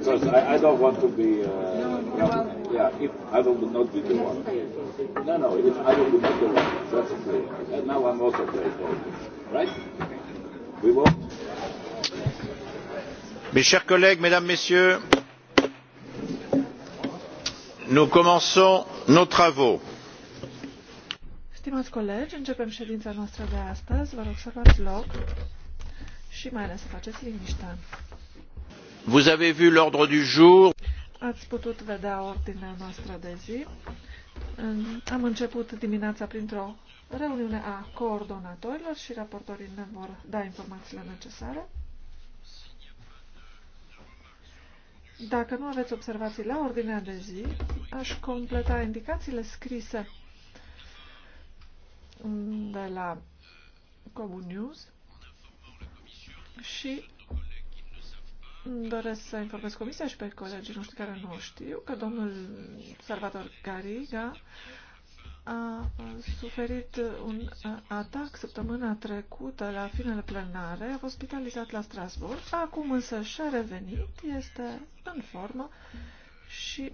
because I, I don't want to be. Uh, no, yeah, if I will not be the one. No, no, if Adam would not be the one, that's clear. And now I'm also playing for Right? We won't. Mes chers collègues, mesdames, messieurs, nous commençons nos travaux. Stimați colegi, începem ședința noastră de astăzi. Vă rog să luați loc și mai ales să faceți liniștea. Vous avez vu l'ordre du jour. Ați putut vedea ordinea noastră de zi. Am început dimineața printr-o reuniune a coordonatorilor și raportorii ne vor da informațiile necesare. Dacă nu aveți observații la ordinea de zi, aș completa indicațiile scrise de la Cobu News și Doresc să informez Comisia și pe colegii noștri care nu știu că domnul Salvator Gariga a suferit un atac săptămâna trecută la finele plenare, a fost spitalizat la Strasburg, acum însă și-a revenit, este în formă și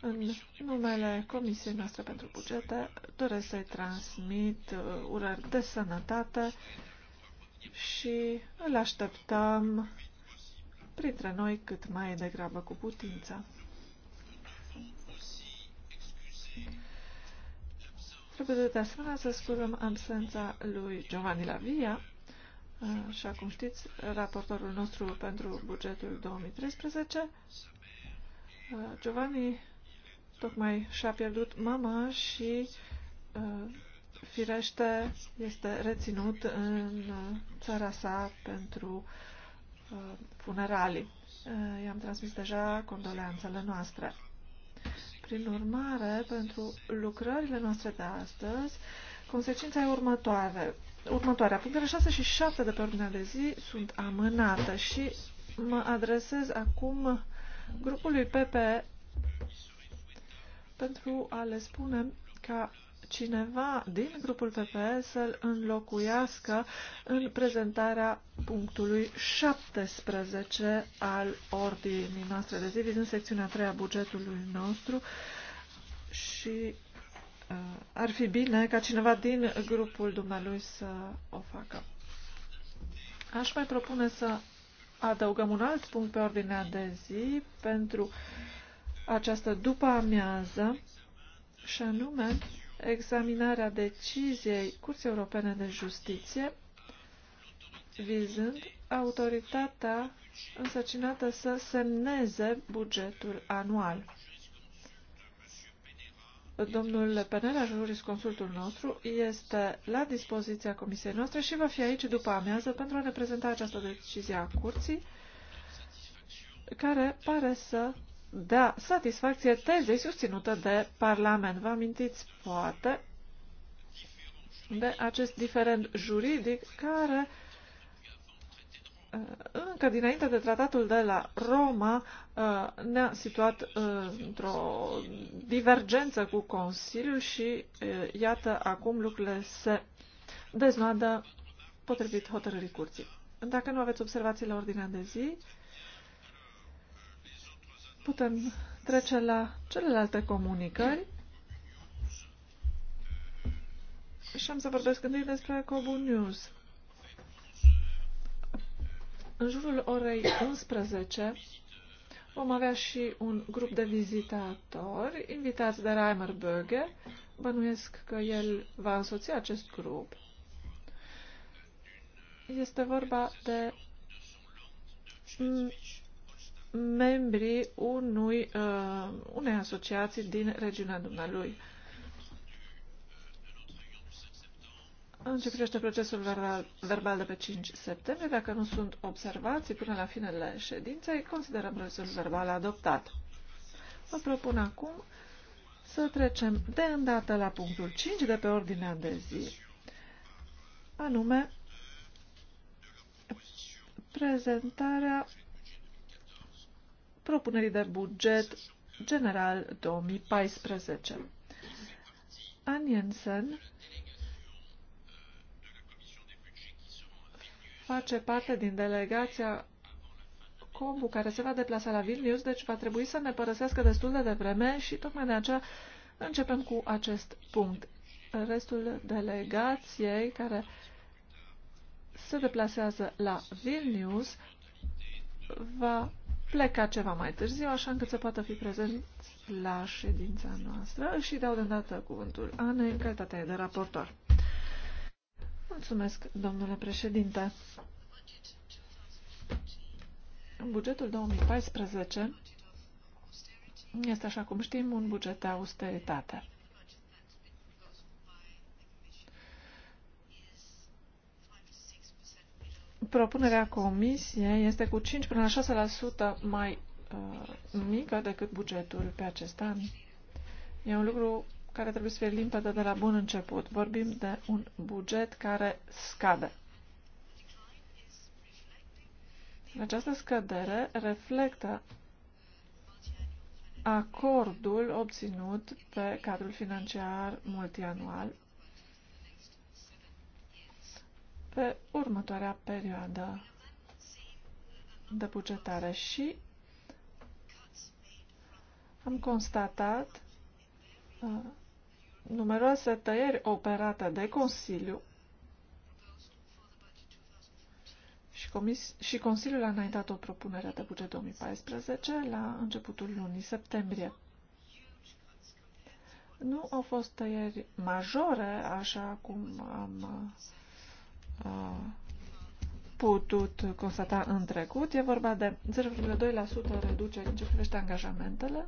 în numele Comisiei noastre pentru bugete doresc să-i transmit uh, urări de sănătate, și îl așteptăm printre noi cât mai degrabă cu putință. Trebuie de asemenea să scurăm absența lui Giovanni Lavia, și acum știți, raportorul nostru pentru bugetul 2013. Giovanni tocmai și-a pierdut mama și uh, firește, este reținut în țara sa pentru uh, funeralii. Uh, i-am transmis deja condoleanțele noastre. Prin urmare, pentru lucrările noastre de astăzi, consecința e următoare. Următoarea. Punctele 6 și 7 de pe ordinea de zi sunt amânate și mă adresez acum grupului PP pentru a le spune ca cineva din grupul PPE să-l înlocuiască în prezentarea punctului 17 al ordinii noastre de zi, vizând secțiunea 3 a bugetului nostru și uh, ar fi bine ca cineva din grupul dumnealui să o facă. Aș mai propune să adăugăm un alt punct pe ordinea de zi pentru această după amiază și anume examinarea deciziei Curții Europene de Justiție vizând autoritatea însăcinată să semneze bugetul anual. Domnul Penela, jurisconsultul nostru, este la dispoziția comisiei noastre și va fi aici după amiază pentru a ne prezenta această decizie a curții, care pare să da satisfacție tezei susținută de Parlament. Vă amintiți, poate, de acest diferent juridic care uh, încă dinainte de tratatul de la Roma uh, ne-a situat uh, într-o divergență cu Consiliul și iată acum lucrurile se deznoadă potrivit hotărârii curții. Dacă nu aveți observații la ordinea de zi, Putem trece la celelalte comunicări. Și am să vorbesc întâi despre Cobu News. În jurul orei 11 vom avea și un grup de vizitatori invitați de Reimer Böge. Bănuiesc că el va însoți acest grup. Este vorba de membrii unui, uh, unei asociații din regiunea dumnealui. Începește ce procesul verbal de pe 5 septembrie, dacă nu sunt observații până la finele ședinței, considerăm procesul verbal adoptat. Vă propun acum să trecem de îndată la punctul 5 de pe ordinea de zi, anume prezentarea propunerii de buget general 2014. Ann Jensen face parte din delegația Combu, care se va deplasa la Vilnius, deci va trebui să ne părăsească destul de devreme și tocmai de aceea începem cu acest punct. Restul delegației care se deplasează la Vilnius va pleca ceva mai târziu, așa încât să poată fi prezent la ședința noastră și dau de îndată cuvântul Ana în calitatea de raportor. Mulțumesc, domnule președinte. Bugetul 2014 este, așa cum știm, un buget de austeritate. propunerea comisiei este cu 5 până la 6% mai uh, mică decât bugetul pe acest an. E un lucru care trebuie să fie limpede de la bun început. Vorbim de un buget care scade. Această scădere reflectă acordul obținut pe cadrul financiar multianual pe următoarea perioadă de bugetare și am constatat uh, numeroase tăieri operate de Consiliu și, comis- și Consiliul a înaintat o propunere de buget 2014 la începutul lunii septembrie. Nu au fost tăieri majore, așa cum am uh, putut constata în trecut. E vorba de 0,2% reducere în ce privește angajamentele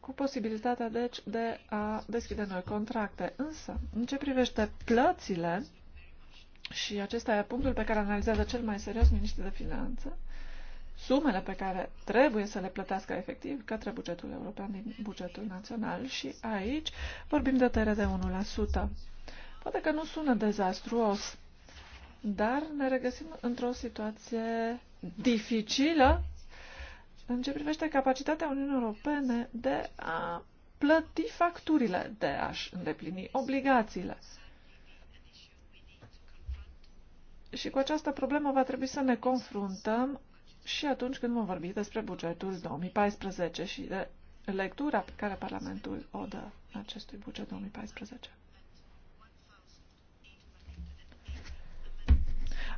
cu posibilitatea, deci, de a deschide noi contracte. Însă, în ce privește plățile, și acesta e punctul pe care analizează cel mai serios Ministrul de finanță sumele pe care trebuie să le plătească efectiv către bugetul european din bugetul național și aici vorbim de tăiere de 1%. Poate că nu sună dezastruos, dar ne regăsim într-o situație dificilă în ce privește capacitatea Uniunii Europene de a plăti facturile, de a-și îndeplini obligațiile. Și cu această problemă va trebui să ne confruntăm și atunci când vom vorbi despre bugetul 2014 și de lectura pe care Parlamentul o dă acestui buget 2014.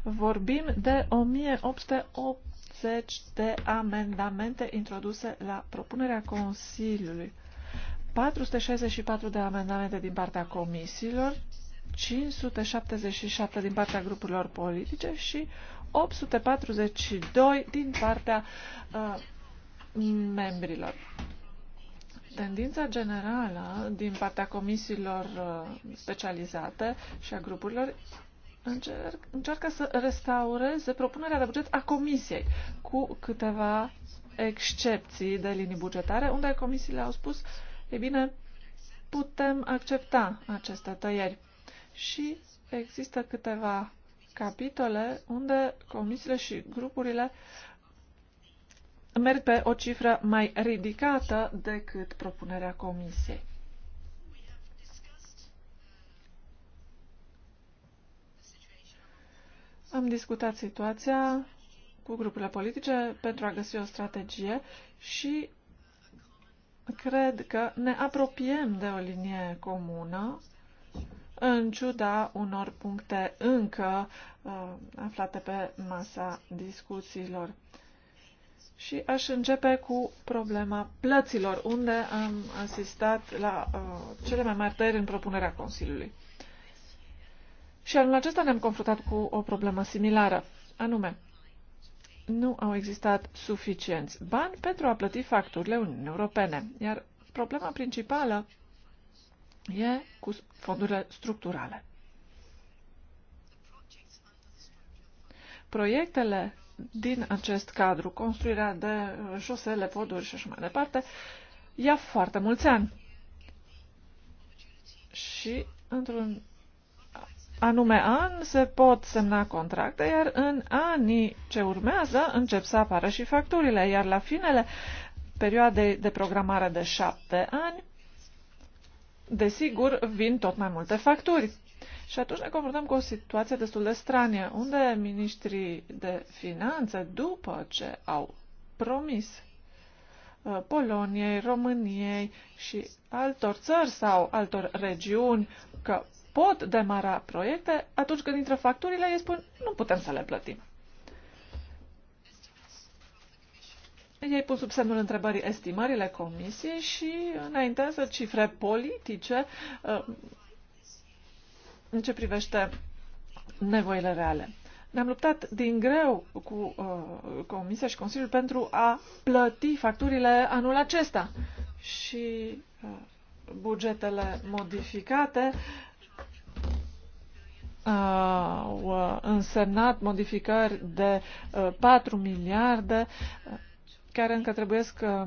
Vorbim de 1880 de amendamente introduse la propunerea Consiliului, 464 de amendamente din partea comisiilor, 577 din partea grupurilor politice și 842 din partea uh, membrilor. Tendința generală din partea comisiilor uh, specializate și a grupurilor încerc, încearcă să restaureze propunerea de buget a comisiei cu câteva excepții de linii bugetare, unde comisiile au spus, e bine, putem accepta aceste tăieri. Și există câteva capitole unde comisiile și grupurile merg pe o cifră mai ridicată decât propunerea comisiei. Am discutat situația cu grupurile politice pentru a găsi o strategie și cred că ne apropiem de o linie comună în ciuda unor puncte încă uh, aflate pe masa discuțiilor. Și aș începe cu problema plăților, unde am asistat la uh, cele mai mari tăieri în propunerea Consiliului. Și anul acesta ne-am confruntat cu o problemă similară, anume, nu au existat suficienți bani pentru a plăti facturile Uniunii Europene, iar problema principală e cu fondurile structurale. Proiectele din acest cadru, construirea de uh, șosele, poduri și așa mai departe, ia foarte mulți ani. Și într-un anume an se pot semna contracte, iar în anii ce urmează încep să apară și facturile, iar la finele perioadei de programare de șapte ani desigur, vin tot mai multe facturi. Și atunci ne confruntăm cu o situație destul de stranie, unde ministrii de finanțe, după ce au promis uh, Poloniei, României și altor țări sau altor regiuni că pot demara proiecte, atunci când intră facturile, ei spun nu putem să le plătim. ei pun sub semnul întrebării estimările comisiei și înaintează cifre politice uh, în ce privește nevoile reale. Ne-am luptat din greu cu uh, Comisia și Consiliul pentru a plăti facturile anul acesta și uh, bugetele modificate uh, au uh, însemnat modificări de uh, 4 miliarde. Uh, care încă trebuie să uh,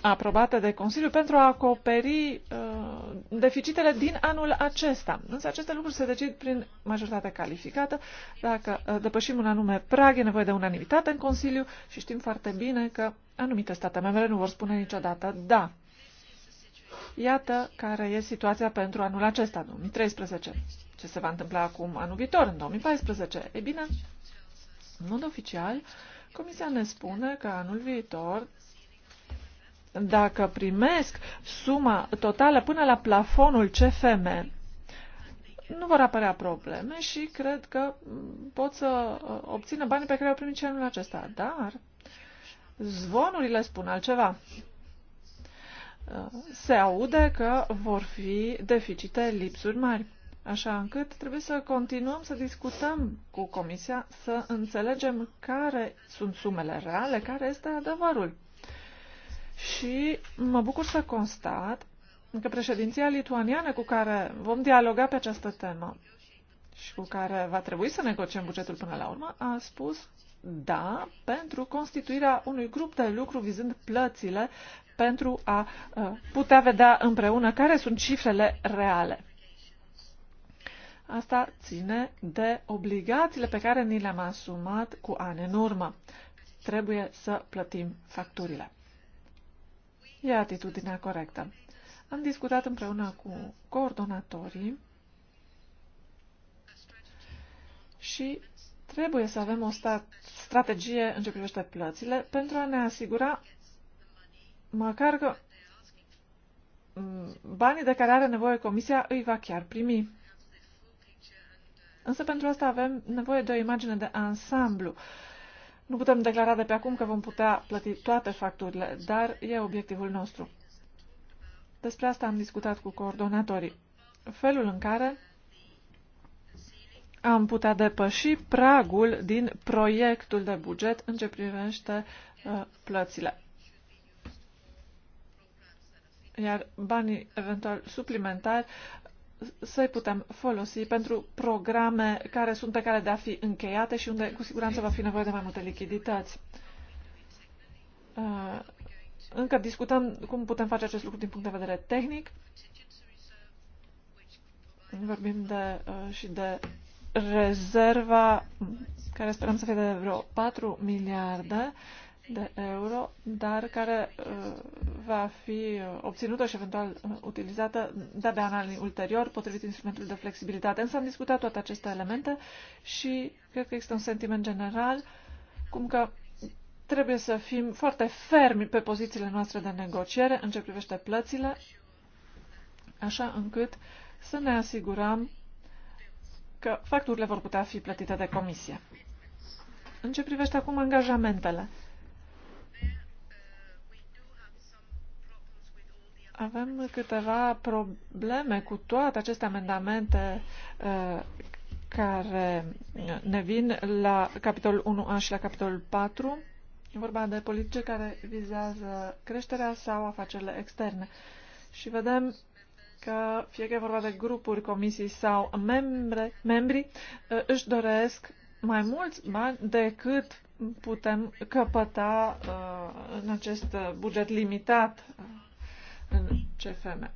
aprobate de Consiliu pentru a acoperi uh, deficitele din anul acesta. Însă aceste lucruri se decid prin majoritate calificată. Dacă uh, depășim un anume prag, e nevoie de unanimitate în Consiliu și știm foarte bine că anumite state membre nu vor spune niciodată da. Iată care e situația pentru anul acesta, 2013. Ce se va întâmpla acum anul viitor, în 2014? E bine, în mod oficial, uh, Comisia ne spune că anul viitor, dacă primesc suma totală până la plafonul CFM, nu vor apărea probleme și cred că pot să uh, obțină banii pe care au primit și anul acesta. Dar zvonurile spun altceva. Uh, se aude că vor fi deficite lipsuri mari. Așa încât trebuie să continuăm să discutăm cu Comisia, să înțelegem care sunt sumele reale, care este adevărul. Și mă bucur să constat că președinția lituaniană cu care vom dialoga pe această temă și cu care va trebui să negociem bugetul până la urmă, a spus da pentru constituirea unui grup de lucru vizând plățile pentru a uh, putea vedea împreună care sunt cifrele reale. Asta ține de obligațiile pe care ni le-am asumat cu ani în urmă. Trebuie să plătim facturile. E atitudinea corectă. Am discutat împreună cu coordonatorii și trebuie să avem o strategie în ce privește plățile pentru a ne asigura măcar că banii de care are nevoie comisia îi va chiar primi. Însă pentru asta avem nevoie de o imagine de ansamblu. Nu putem declara de pe acum că vom putea plăti toate facturile, dar e obiectivul nostru. Despre asta am discutat cu coordonatorii. Felul în care am putea depăși pragul din proiectul de buget în ce privește uh, plățile. Iar banii eventual suplimentari să-i putem folosi pentru programe care sunt pe care de a fi încheiate și unde cu siguranță va fi nevoie de mai multe lichidități. Uh, încă discutăm cum putem face acest lucru din punct de vedere tehnic. Vorbim de, uh, și de rezerva care sperăm să fie de vreo 4 miliarde de euro, dar care uh, va fi obținută și eventual uh, utilizată de-abia în anii ulterior, potrivit instrumentului de flexibilitate. Însă am discutat toate aceste elemente și cred că există un sentiment general cum că trebuie să fim foarte fermi pe pozițiile noastre de negociere în ce privește plățile, așa încât să ne asigurăm că facturile vor putea fi plătite de comisie. În ce privește acum angajamentele, Avem câteva probleme cu toate aceste amendamente uh, care uh, ne vin la capitolul 1A și la capitolul 4. E vorba de politice care vizează creșterea sau afacerile externe. Și vedem că fie că e vorba de grupuri, comisii sau membre, membri, uh, își doresc mai mulți bani decât putem căpăta uh, în acest buget limitat în CFM.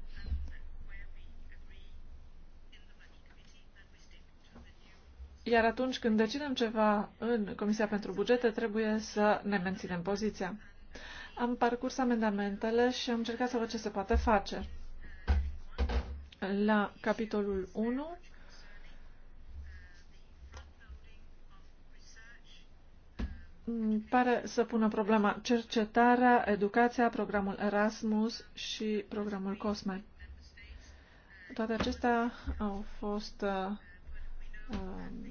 Iar atunci când decidem ceva în Comisia pentru Bugete, trebuie să ne menținem poziția. Am parcurs amendamentele și am încercat să văd ce se poate face. La capitolul 1 Mm, pare să pună problema cercetarea, educația, programul Erasmus și programul COSME. Toate acestea au fost. Uh, um,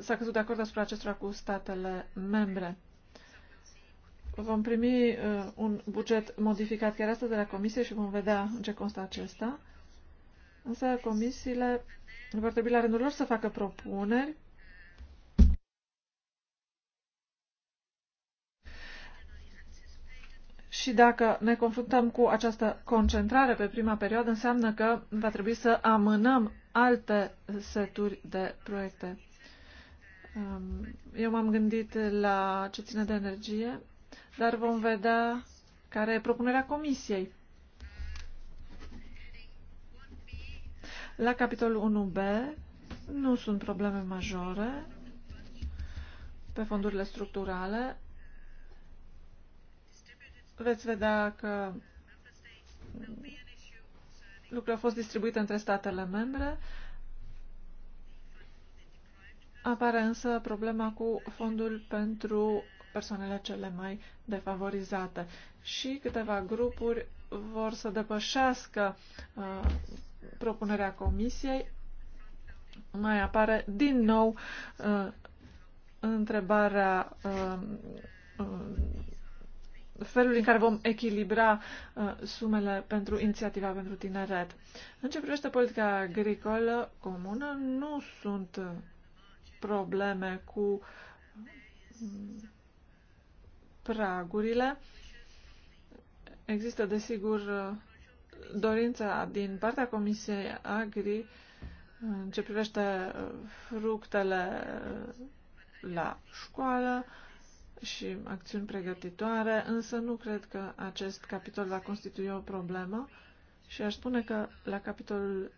S-a căzut de acord asupra acestora cu statele membre. Vom primi uh, un buget modificat chiar astăzi de la Comisie și vom vedea ce constă acesta. Însă comisiile vor trebui la rândul lor să facă propuneri Și dacă ne confruntăm cu această concentrare pe prima perioadă, înseamnă că va trebui să amânăm alte seturi de proiecte. Um, eu m-am gândit la ce ține de energie, dar vom vedea care e propunerea comisiei. La capitolul 1b nu sunt probleme majore pe fondurile structurale veți vedea că lucrurile au fost distribuite între statele membre. Apare însă problema cu fondul pentru persoanele cele mai defavorizate și câteva grupuri vor să depășească uh, propunerea comisiei. Mai apare din nou uh, întrebarea uh, uh, felul în care vom echilibra uh, sumele pentru inițiativa pentru tineret. În ce privește politica agricolă comună, nu sunt uh, probleme cu uh, pragurile. Există, desigur, uh, dorința din partea Comisiei Agri în ce privește fructele la școală, uh, și acțiuni pregătitoare, însă nu cred că acest capitol va constitui o problemă și aș spune că la capitolul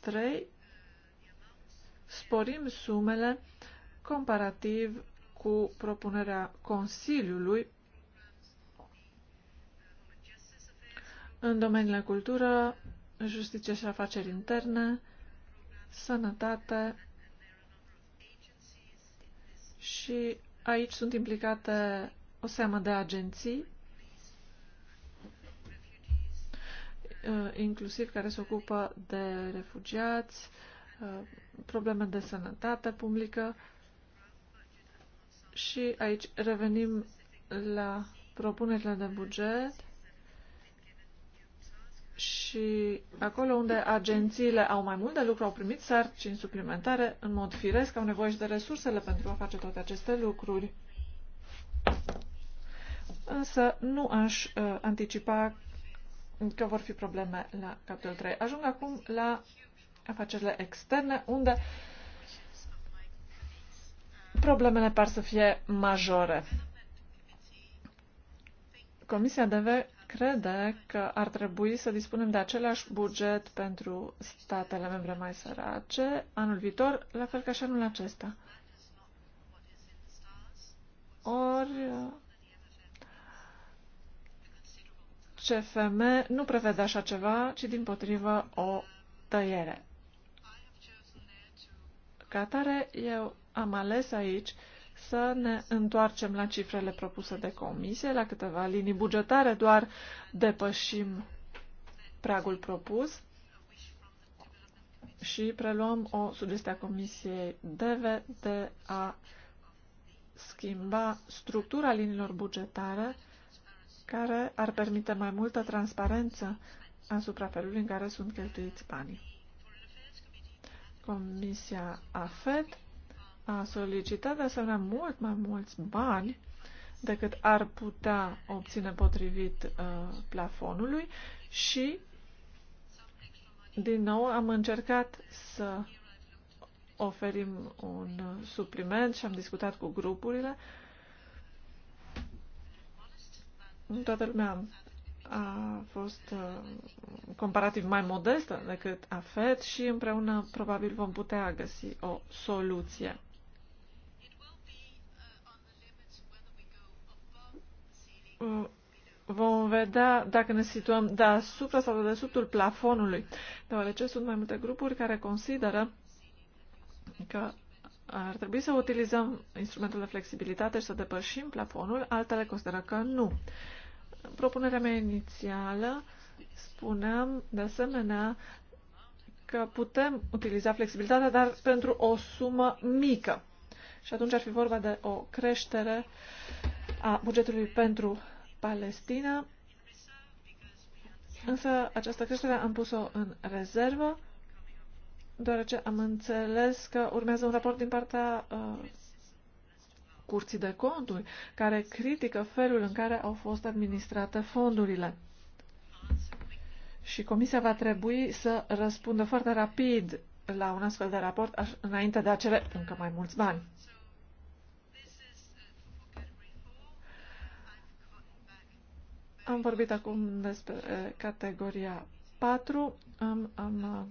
3 uh, sporim sumele comparativ cu propunerea Consiliului în domeniile cultură, justiție și afaceri interne, sănătate și Aici sunt implicate o seamă de agenții, uh, inclusiv care se ocupă de refugiați, uh, probleme de sănătate publică și aici revenim la propunerile de buget și acolo unde agențiile au mai mult de lucru, au primit sarcini suplimentare, în mod firesc au nevoie și de resursele pentru a face toate aceste lucruri. Însă nu aș uh, anticipa că vor fi probleme la capitolul 3. Ajung acum la afacerile externe, unde problemele par să fie majore. Comisia DV crede că ar trebui să dispunem de același buget pentru statele membre mai sărace anul viitor, la fel ca și anul acesta. Ori CFM nu prevede așa ceva, ci din potrivă o tăiere. Ca atare, eu am ales aici uh, să ne întoarcem la cifrele propuse de comisie, la câteva linii bugetare, doar depășim pragul propus și preluăm o sugestie a Comisiei DV de a schimba structura liniilor bugetare care ar permite mai multă transparență asupra felului în care sunt cheltuiți banii. Comisia AFED a solicitat de asemenea mult mai mulți bani decât ar putea obține potrivit uh, plafonului și din nou am încercat să oferim un supliment și am discutat cu grupurile. Toată lumea a fost uh, comparativ mai modestă decât AFET și împreună probabil vom putea găsi o soluție. vom vedea dacă ne situăm deasupra sau de desubtul plafonului, deoarece sunt mai multe grupuri care consideră că ar trebui să utilizăm instrumentul de flexibilitate și să depășim plafonul, altele consideră că nu. Propunerea mea inițială spuneam de asemenea că putem utiliza flexibilitatea, dar pentru o sumă mică. Și atunci ar fi vorba de o creștere uh, a bugetului pentru Palestina, însă această creștere am pus-o în rezervă, deoarece am înțeles că urmează un raport din partea uh, Curții de Conturi, care critică felul în care au fost administrate fondurile. Și Comisia va trebui să răspundă foarte rapid la un astfel de raport înainte de a cere încă mai mulți bani. Am vorbit acum despre categoria 4. Am, am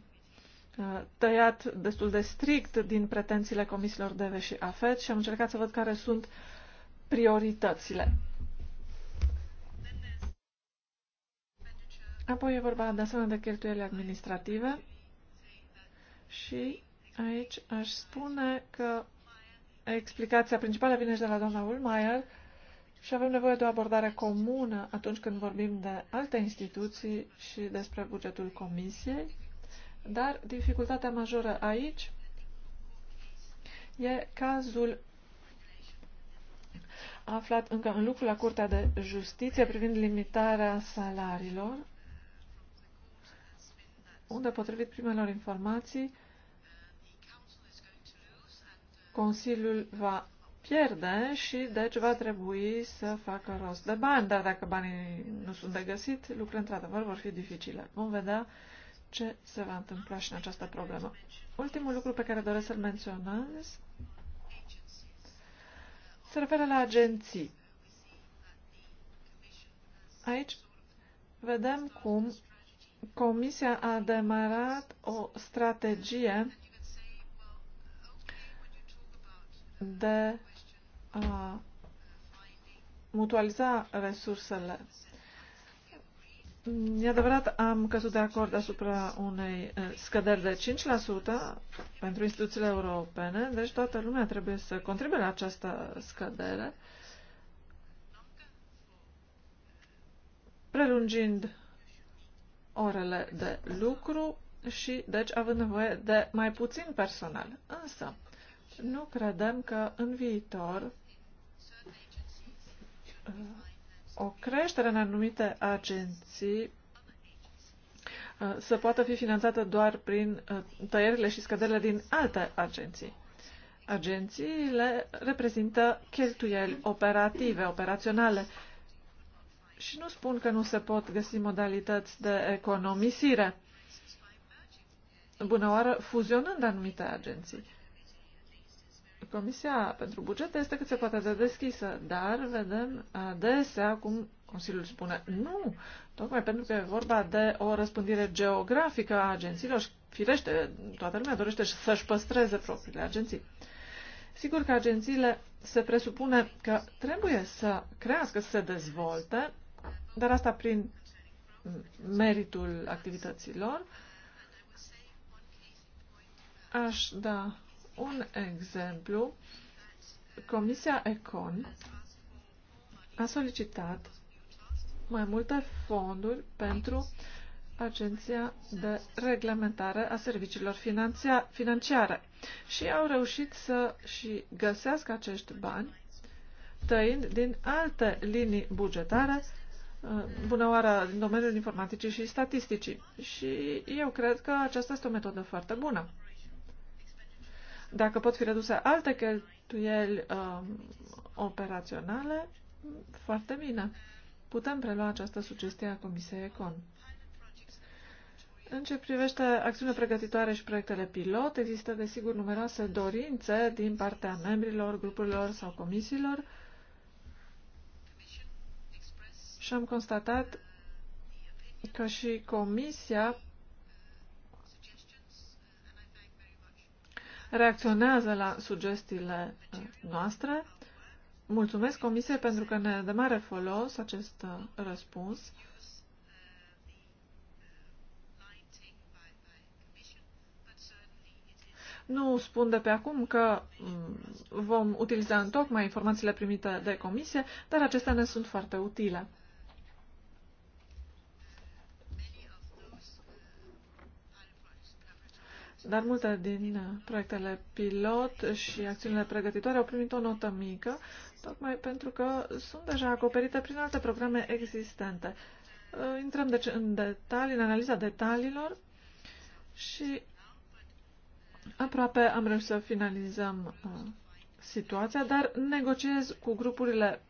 tăiat destul de strict din pretențiile comisiilor DV și AFET și am încercat să văd care sunt prioritățile. Apoi e vorba de asemenea de cheltuieli administrative și aici aș spune că explicația principală vine și de la doamna Ulmeier, și avem nevoie de o abordare comună atunci când vorbim de alte instituții și despre bugetul Comisiei, dar dificultatea majoră aici e cazul aflat încă în lucru la Curtea de Justiție privind limitarea salariilor, unde, potrivit primelor informații, Consiliul va pierde și deci va trebui să facă rost de bani, dar dacă banii nu sunt de găsit, lucrurile într-adevăr vor fi dificile. Vom vedea ce se va întâmpla și în această problemă. Ultimul lucru pe care doresc să-l menționez se referă la agenții. Aici vedem cum Comisia a demarat o strategie de a mutualiza resursele. E adevărat, am căzut de acord asupra unei eh, scăderi de 5% pentru instituțiile europene, deci toată lumea trebuie să contribuie la această scădere, prelungind orele de lucru și, deci, având nevoie de mai puțin personal. Însă, nu credem că în viitor uh, o creștere în anumite agenții uh, să poată fi finanțată doar prin uh, tăierile și scăderile din alte agenții. Agențiile reprezintă cheltuieli operative, operaționale și nu spun că nu se pot găsi modalități de economisire. Bună oară, fuzionând anumite agenții. Comisia pentru bugete este cât se poate de deschisă, dar vedem adesea cum Consiliul spune nu, tocmai pentru că e vorba de o răspândire geografică a agențiilor și firește, toată lumea dorește să-și păstreze propriile agenții. Sigur că agențiile se presupune că trebuie să crească, să se dezvolte, dar asta prin meritul activităților. Aș da un exemplu. Comisia Econ a solicitat mai multe fonduri pentru Agenția de Reglementare a Serviciilor Financiare și au reușit să și găsească acești bani tăind din alte linii bugetare uh, bună oară în domeniul informaticii și statisticii. Și eu cred că aceasta este o metodă foarte bună. Dacă pot fi reduse alte cheltuieli um, operaționale, foarte bine. Putem prelua această sugestie a Comisiei Econ. În ce privește acțiunile pregătitoare și proiectele pilot, există desigur numeroase dorințe din partea membrilor, grupurilor sau comisiilor și am constatat că și Comisia reacționează la sugestiile noastre. Mulțumesc Comisiei pentru că ne dă mare folos acest uh, răspuns. Nu spun de pe acum că mm, vom utiliza în tocmai informațiile primite de comisie, dar acestea ne sunt foarte utile. dar multe din proiectele pilot și acțiunile pregătitoare au primit o notă mică, tocmai pentru că sunt deja acoperite prin alte programe existente. Uh, intrăm deci în detalii, în analiza detaliilor și aproape am reușit să finalizăm uh, situația, dar negociez cu grupurile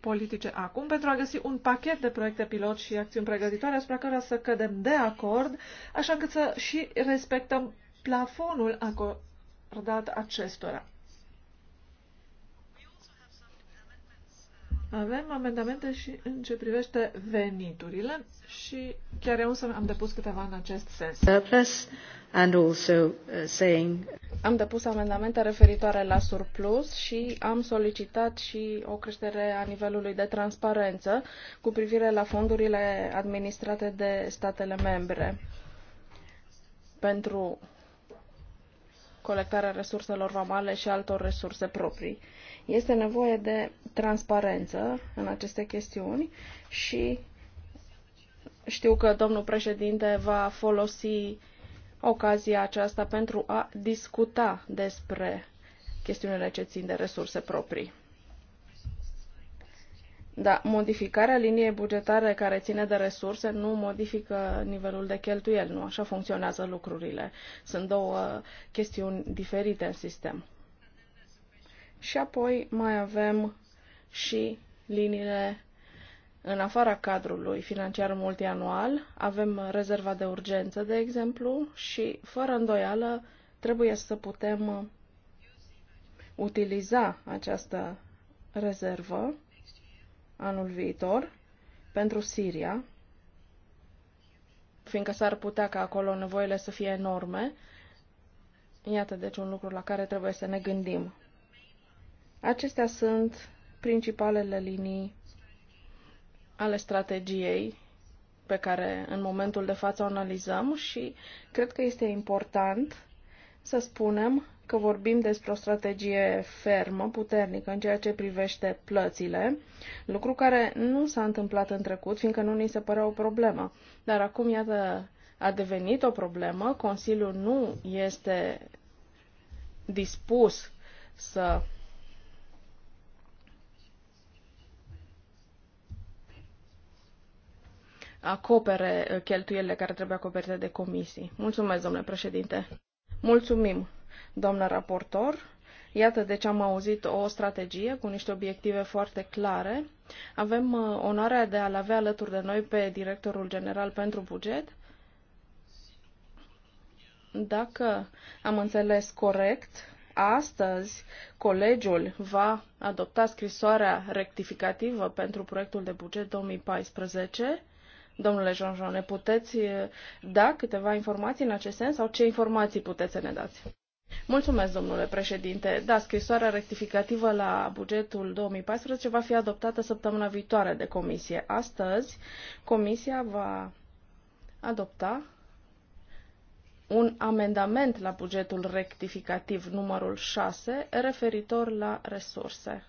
politice acum pentru a găsi un pachet de proiecte pilot și acțiuni pregătitoare asupra cărora să cădem de acord, așa încât să și respectăm plafonul acordat acestora. Avem amendamente și în ce privește veniturile și chiar eu am depus câteva în acest sens. and also uh, saying... Am depus amendamente referitoare la surplus și am solicitat și o creștere a nivelului de transparență cu privire la fondurile administrate de statele membre pentru colectarea resurselor vamale și altor resurse proprii. Este nevoie de transparență în aceste chestiuni și știu că domnul președinte va folosi ocazia aceasta pentru a discuta despre chestiunile ce țin de resurse proprii. Da, modificarea liniei bugetare care ține de resurse nu modifică nivelul de cheltuieli, nu așa funcționează lucrurile. Sunt două chestiuni diferite în sistem. Și apoi mai avem și liniile în afara cadrului financiar multianual, avem rezerva de urgență, de exemplu, și fără îndoială trebuie să putem utiliza această rezervă anul viitor pentru Siria, fiindcă s-ar putea ca acolo nevoile să fie enorme. Iată, deci, un lucru la care trebuie să ne gândim. Acestea sunt principalele linii ale strategiei pe care în momentul de față o analizăm și cred că este important să spunem că vorbim despre o strategie fermă, puternică în ceea ce privește plățile, lucru care nu s-a întâmplat în trecut, fiindcă nu ni se părea o problemă. Dar acum, iată, a devenit o problemă, Consiliul nu este dispus să acopere cheltuielile care trebuie acoperite de comisii. Mulțumesc, domnule președinte. Mulțumim doamnă raportor. Iată de ce am auzit o strategie cu niște obiective foarte clare. Avem uh, onoarea de a-l avea alături de noi pe directorul general pentru buget. Dacă am înțeles corect, astăzi colegiul va adopta scrisoarea rectificativă pentru proiectul de buget 2014. Domnule Jean, ne puteți uh, da câteva informații în acest sens sau ce informații puteți să ne dați? Mulțumesc, domnule președinte. Da, scrisoarea rectificativă la bugetul 2014 va fi adoptată săptămâna viitoare de comisie. Astăzi, comisia va adopta un amendament la bugetul rectificativ numărul 6 referitor la resurse.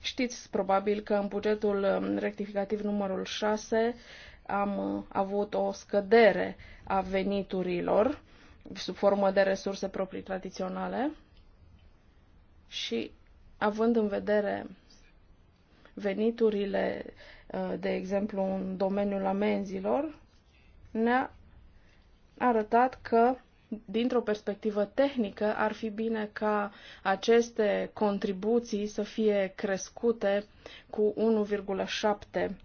Știți probabil că în bugetul rectificativ numărul 6 am avut o scădere a veniturilor sub formă de resurse proprii tradiționale și având în vedere veniturile, uh, de exemplu, în domeniul amenzilor, ne-a arătat că, dintr-o perspectivă tehnică, ar fi bine ca aceste contribuții să fie crescute cu 1,7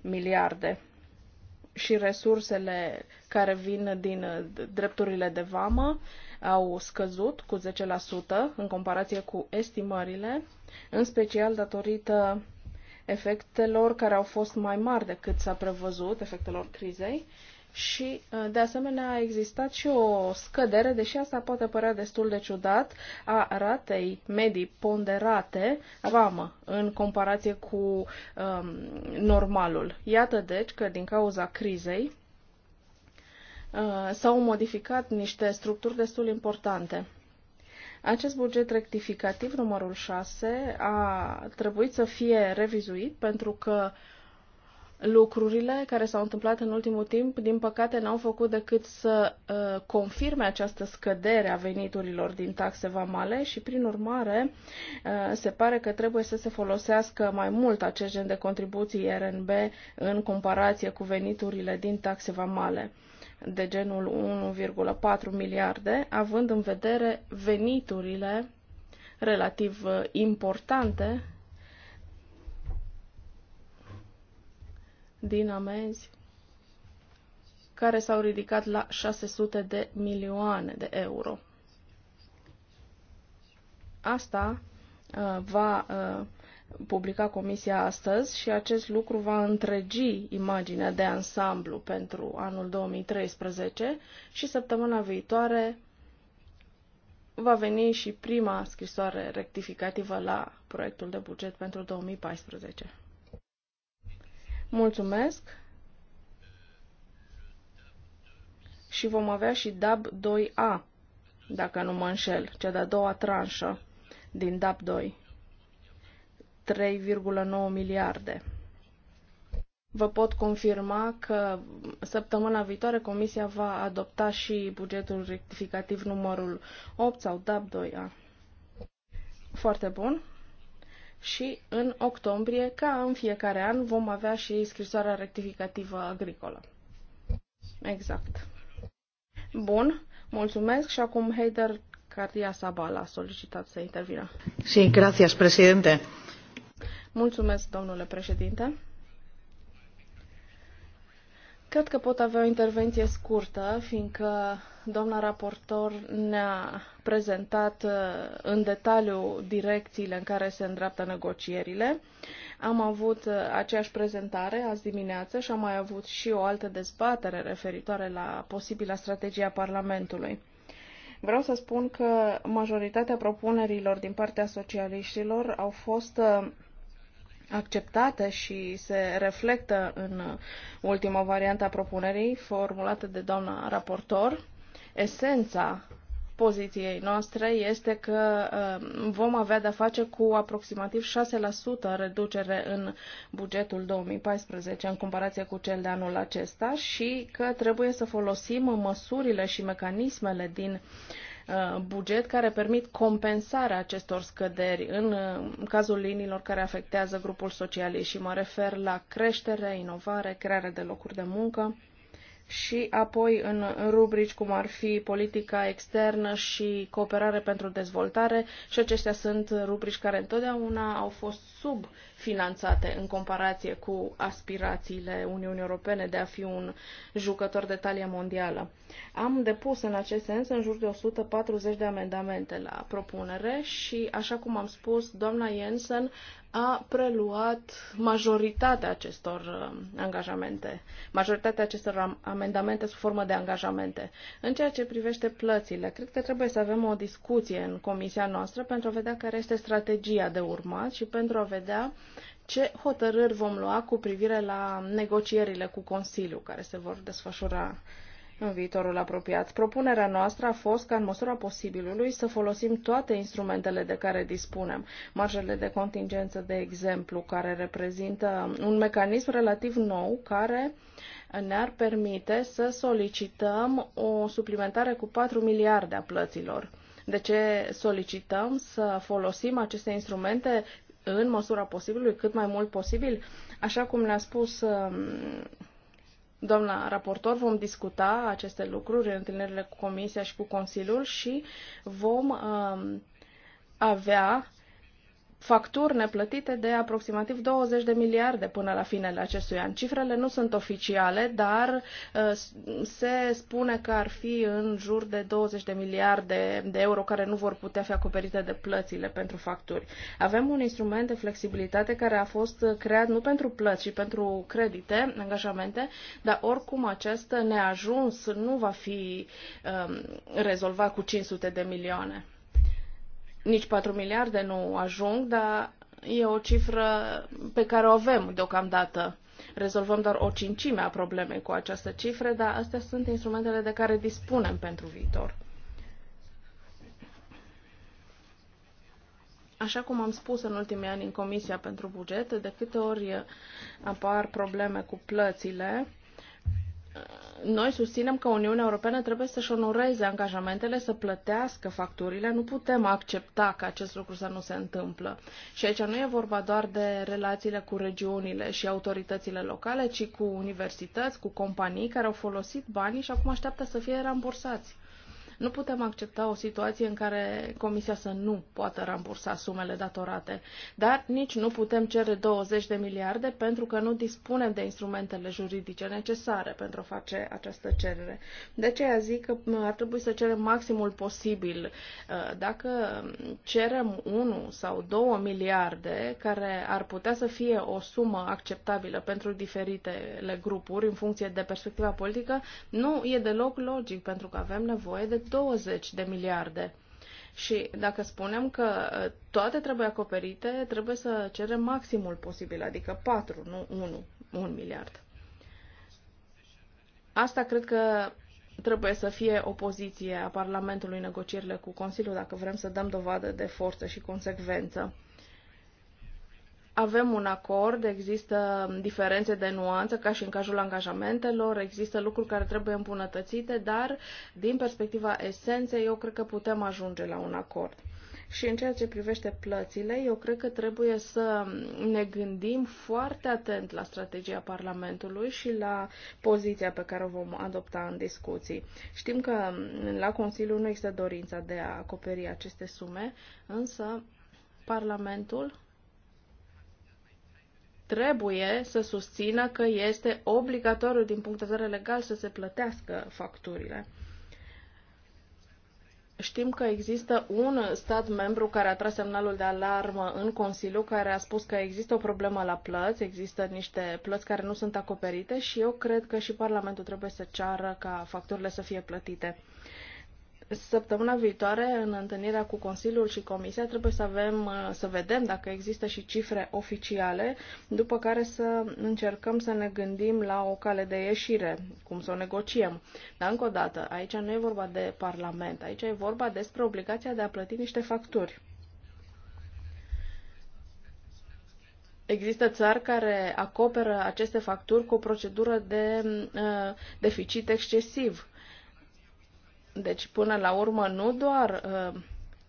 miliarde și resursele care vin din uh, drepturile de vamă au scăzut cu 10% în comparație cu estimările, în special datorită efectelor care au fost mai mari decât s-a prevăzut, efectelor crizei și, uh, de asemenea, a existat și o scădere, deși asta poate părea destul de ciudat, a ratei medii ponderate ramă în comparație cu um, normalul. Iată, deci, că din cauza crizei uh, s-au modificat niște structuri destul importante. Acest buget rectificativ, numărul 6, a trebuit să fie revizuit pentru că uh, lucrurile care s-au întâmplat în ultimul timp, din păcate, n-au făcut decât să uh, confirme această scădere a veniturilor din taxe vamale și, prin urmare, uh, se pare că trebuie să se folosească mai mult acest gen de contribuții RNB în comparație cu veniturile din taxe vamale de genul 1,4 miliarde, având în vedere veniturile relativ uh, importante din amenzi care s-au ridicat la 600 de milioane de euro. Asta uh, va uh, publica Comisia astăzi și acest lucru va întregi imaginea de ansamblu pentru anul 2013 și săptămâna viitoare va veni și prima scrisoare rectificativă la proiectul de buget pentru 2014. Mulțumesc! Și vom avea și DAB 2A, dacă nu mă înșel, cea de-a doua tranșă din DAB 2. 3,9 miliarde. Vă pot confirma că săptămâna viitoare Comisia va adopta și bugetul rectificativ numărul 8 sau DAB 2A. Foarte bun și în octombrie, ca în fiecare an, vom avea și scrisoarea rectificativă agricolă. Exact. Bun, mulțumesc și acum Heider Cardia Sabal a solicitat să intervină. Sí, gracias, președinte. Mulțumesc, domnule președinte. Cred că pot avea o intervenție scurtă, fiindcă doamna raportor ne-a prezentat uh, în detaliu direcțiile în care se îndreaptă negocierile. Am avut uh, aceeași prezentare azi dimineață și am mai avut și o altă dezbatere referitoare la posibila strategia Parlamentului. Vreau să spun că majoritatea propunerilor din partea socialiștilor au fost uh, acceptate și se reflectă în ultima variantă a propunerii formulată de doamna raportor. Esența poziției noastre este că um, vom avea de-a face cu aproximativ 6% reducere în bugetul 2014 în comparație cu cel de anul acesta și că trebuie să folosim măsurile și mecanismele din uh, Uh, buget care permit compensarea acestor scăderi uh, în cazul liniilor care afectează grupul socialist și mă refer la creștere, inovare, creare de locuri de muncă și apoi în rubrici cum ar fi politica externă și cooperare pentru dezvoltare și acestea sunt rubrici care întotdeauna au fost sub finanțate în comparație cu aspirațiile Uniunii Europene de a fi un jucător de talie mondială. Am depus în acest sens în jur de 140 de amendamente la propunere și, așa cum am spus, doamna Jensen a preluat majoritatea acestor uh, angajamente, majoritatea acestor amendamente sub formă de angajamente. În ceea ce privește plățile, cred că trebuie să avem o discuție în comisia noastră pentru a vedea care este strategia de urmat și pentru a vedea ce hotărâri vom lua cu privire la negocierile cu Consiliul care se vor desfășura în viitorul apropiat. Propunerea noastră a fost ca în măsura posibilului să folosim toate instrumentele de care dispunem. Marjele de contingență, de exemplu, care reprezintă un mecanism relativ nou care ne-ar permite să solicităm o suplimentare cu 4 miliarde a plăților. De ce solicităm să folosim aceste instrumente în măsura posibilului, cât mai mult posibil, așa cum ne-a spus um, doamna raportor, vom discuta aceste lucruri în întâlnirile cu Comisia și cu Consiliul și vom um, avea facturi neplătite de aproximativ 20 de miliarde până la finele acestui an. Cifrele nu sunt oficiale, dar uh, se spune că ar fi în jur de 20 de miliarde de euro care nu vor putea fi acoperite de plățile pentru facturi. Avem un instrument de flexibilitate care a fost creat nu pentru plăți, ci pentru credite, angajamente, dar oricum acest neajuns nu va fi um, rezolvat cu 500 de milioane. Nici 4 miliarde nu ajung, dar e o cifră pe care o avem deocamdată. Rezolvăm doar o cincime a problemei cu această cifră, dar astea sunt instrumentele de care dispunem pentru viitor. Așa cum am spus în ultimii ani în Comisia pentru Buget, de câte ori apar probleme cu plățile, noi susținem că Uniunea Europeană trebuie să-și onoreze angajamentele, să plătească facturile. Nu putem accepta că acest lucru să nu se întâmplă. Și aici nu e vorba doar de relațiile cu regiunile și autoritățile locale, ci cu universități, cu companii care au folosit banii și acum așteaptă să fie rambursați. Nu putem accepta o situație în care Comisia să nu poată rambursa sumele datorate, dar nici nu putem cere 20 de miliarde pentru că nu dispunem de instrumentele juridice necesare pentru a face această cerere. De aceea zic că ar trebui să cerem maximul posibil. Uh, dacă cerem 1 sau 2 miliarde, care ar putea să fie o sumă acceptabilă pentru diferitele grupuri în funcție de perspectiva politică, nu e deloc logic, pentru că avem nevoie de 20 de miliarde. Și dacă spunem că ă, toate trebuie acoperite, trebuie să cerem maximul posibil, adică 4, nu 1, 1 miliard. Asta cred că trebuie să fie o poziție a Parlamentului negocierile cu Consiliul dacă vrem să dăm dovadă de forță și consecvență avem un acord, există diferențe de nuanță, ca și în cazul angajamentelor, există lucruri care trebuie îmbunătățite, dar din perspectiva esenței, eu cred că putem ajunge la un acord. Și în ceea ce privește plățile, eu cred că trebuie să ne gândim foarte atent la strategia Parlamentului și la poziția pe care o vom adopta în discuții. Știm că la Consiliu nu există dorința de a acoperi aceste sume, însă Parlamentul trebuie să susțină că este obligatoriu din punct de vedere legal să se plătească facturile. Știm că există un stat membru care a tras semnalul de alarmă în Consiliu, care a spus că există o problemă la plăți, există niște plăți care nu sunt acoperite și eu cred că și Parlamentul trebuie să ceară ca facturile să fie plătite. Săptămâna viitoare, în întâlnirea cu Consiliul și Comisia, trebuie să avem, uh, să vedem dacă există și cifre oficiale, după care să încercăm să ne gândim la o cale de ieșire, cum să o negociem. Dar, încă o dată, aici nu e vorba de Parlament, aici e vorba despre obligația de a plăti niște facturi. Există țări care acoperă aceste facturi cu o procedură de uh, deficit excesiv deci, până la urmă, nu doar uh,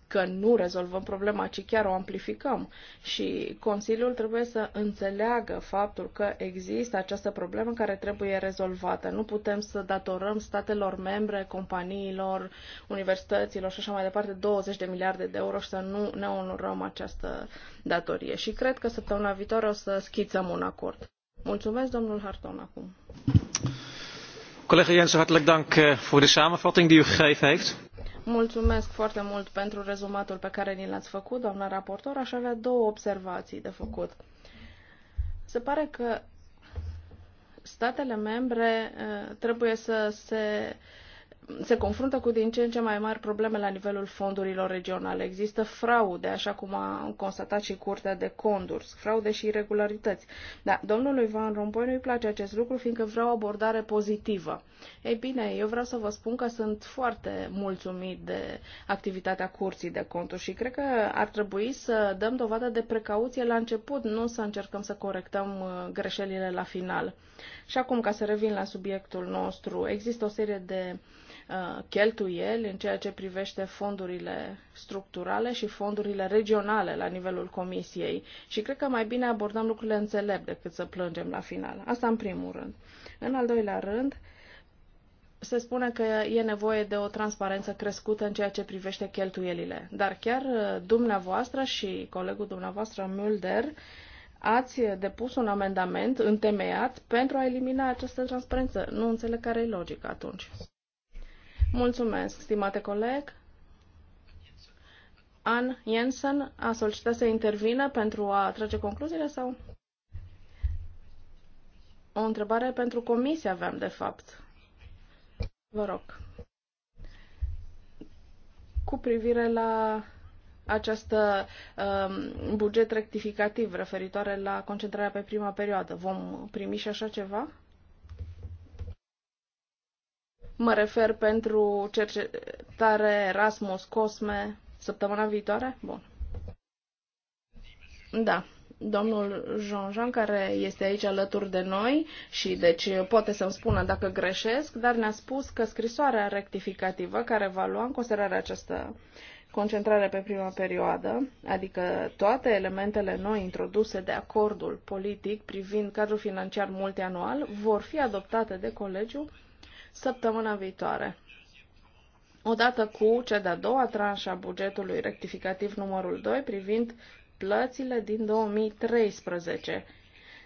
că nu rezolvăm problema, ci chiar o amplificăm. Și Consiliul trebuie să înțeleagă faptul că există această problemă care trebuie rezolvată. Nu putem să datorăm statelor membre, companiilor, universităților și așa mai departe 20 de miliarde de euro și să nu ne onorăm această datorie. Și cred că săptămâna viitoare o să schițăm un acord. Mulțumesc, domnul Harton, acum. Collega Jensen, hartelijk dank eh, voor de samenvatting die u gegeven heeft. Mulțumesc foarte mult pentru rezumatul pe care ni l-ați făcut, doamna raportor. Aș avea două observații de făcut. Se pare că statele membre eh, trebuie să se se confruntă cu din ce în ce mai mari probleme la nivelul fondurilor regionale. Există fraude, așa cum a constatat și Curtea de Conduri, fraude și irregularități. Da, domnului Van Rompuy nu-i place acest lucru, fiindcă vreau o abordare pozitivă. Ei bine, eu vreau să vă spun că sunt foarte mulțumit de activitatea Curții de Conturi și cred că ar trebui să dăm dovadă de precauție la început, nu să încercăm să corectăm uh, greșelile la final. Și acum, ca să revin la subiectul nostru, există o serie de Uh, cheltuieli în ceea ce privește fondurile structurale și fondurile regionale la nivelul comisiei și cred că mai bine abordăm lucrurile înțelept decât să plângem la final. Asta în primul rând. În al doilea rând, se spune că e nevoie de o transparență crescută în ceea ce privește cheltuielile. Dar chiar uh, dumneavoastră și colegul dumneavoastră Mulder ați depus un amendament întemeiat pentru a elimina această transparență. Nu înțeleg care e logica atunci. Mulțumesc, stimate coleg. Ann Jensen a solicitat să intervină pentru a trage concluziile sau? O întrebare pentru comisie aveam, de fapt. Vă rog. Cu privire la această um, buget rectificativ referitoare la concentrarea pe prima perioadă, vom primi și așa ceva? Mă refer pentru cercetare Erasmus Cosme săptămâna viitoare? Bun. Da, domnul Jean-Jean, care este aici alături de noi și deci poate să-mi spună dacă greșesc, dar ne-a spus că scrisoarea rectificativă care va lua în considerare această concentrare pe prima perioadă, adică toate elementele noi introduse de acordul politic privind cadrul financiar multianual, vor fi adoptate de colegiu săptămâna viitoare. Odată cu cea de-a doua tranșă a bugetului rectificativ numărul 2 privind plățile din 2013.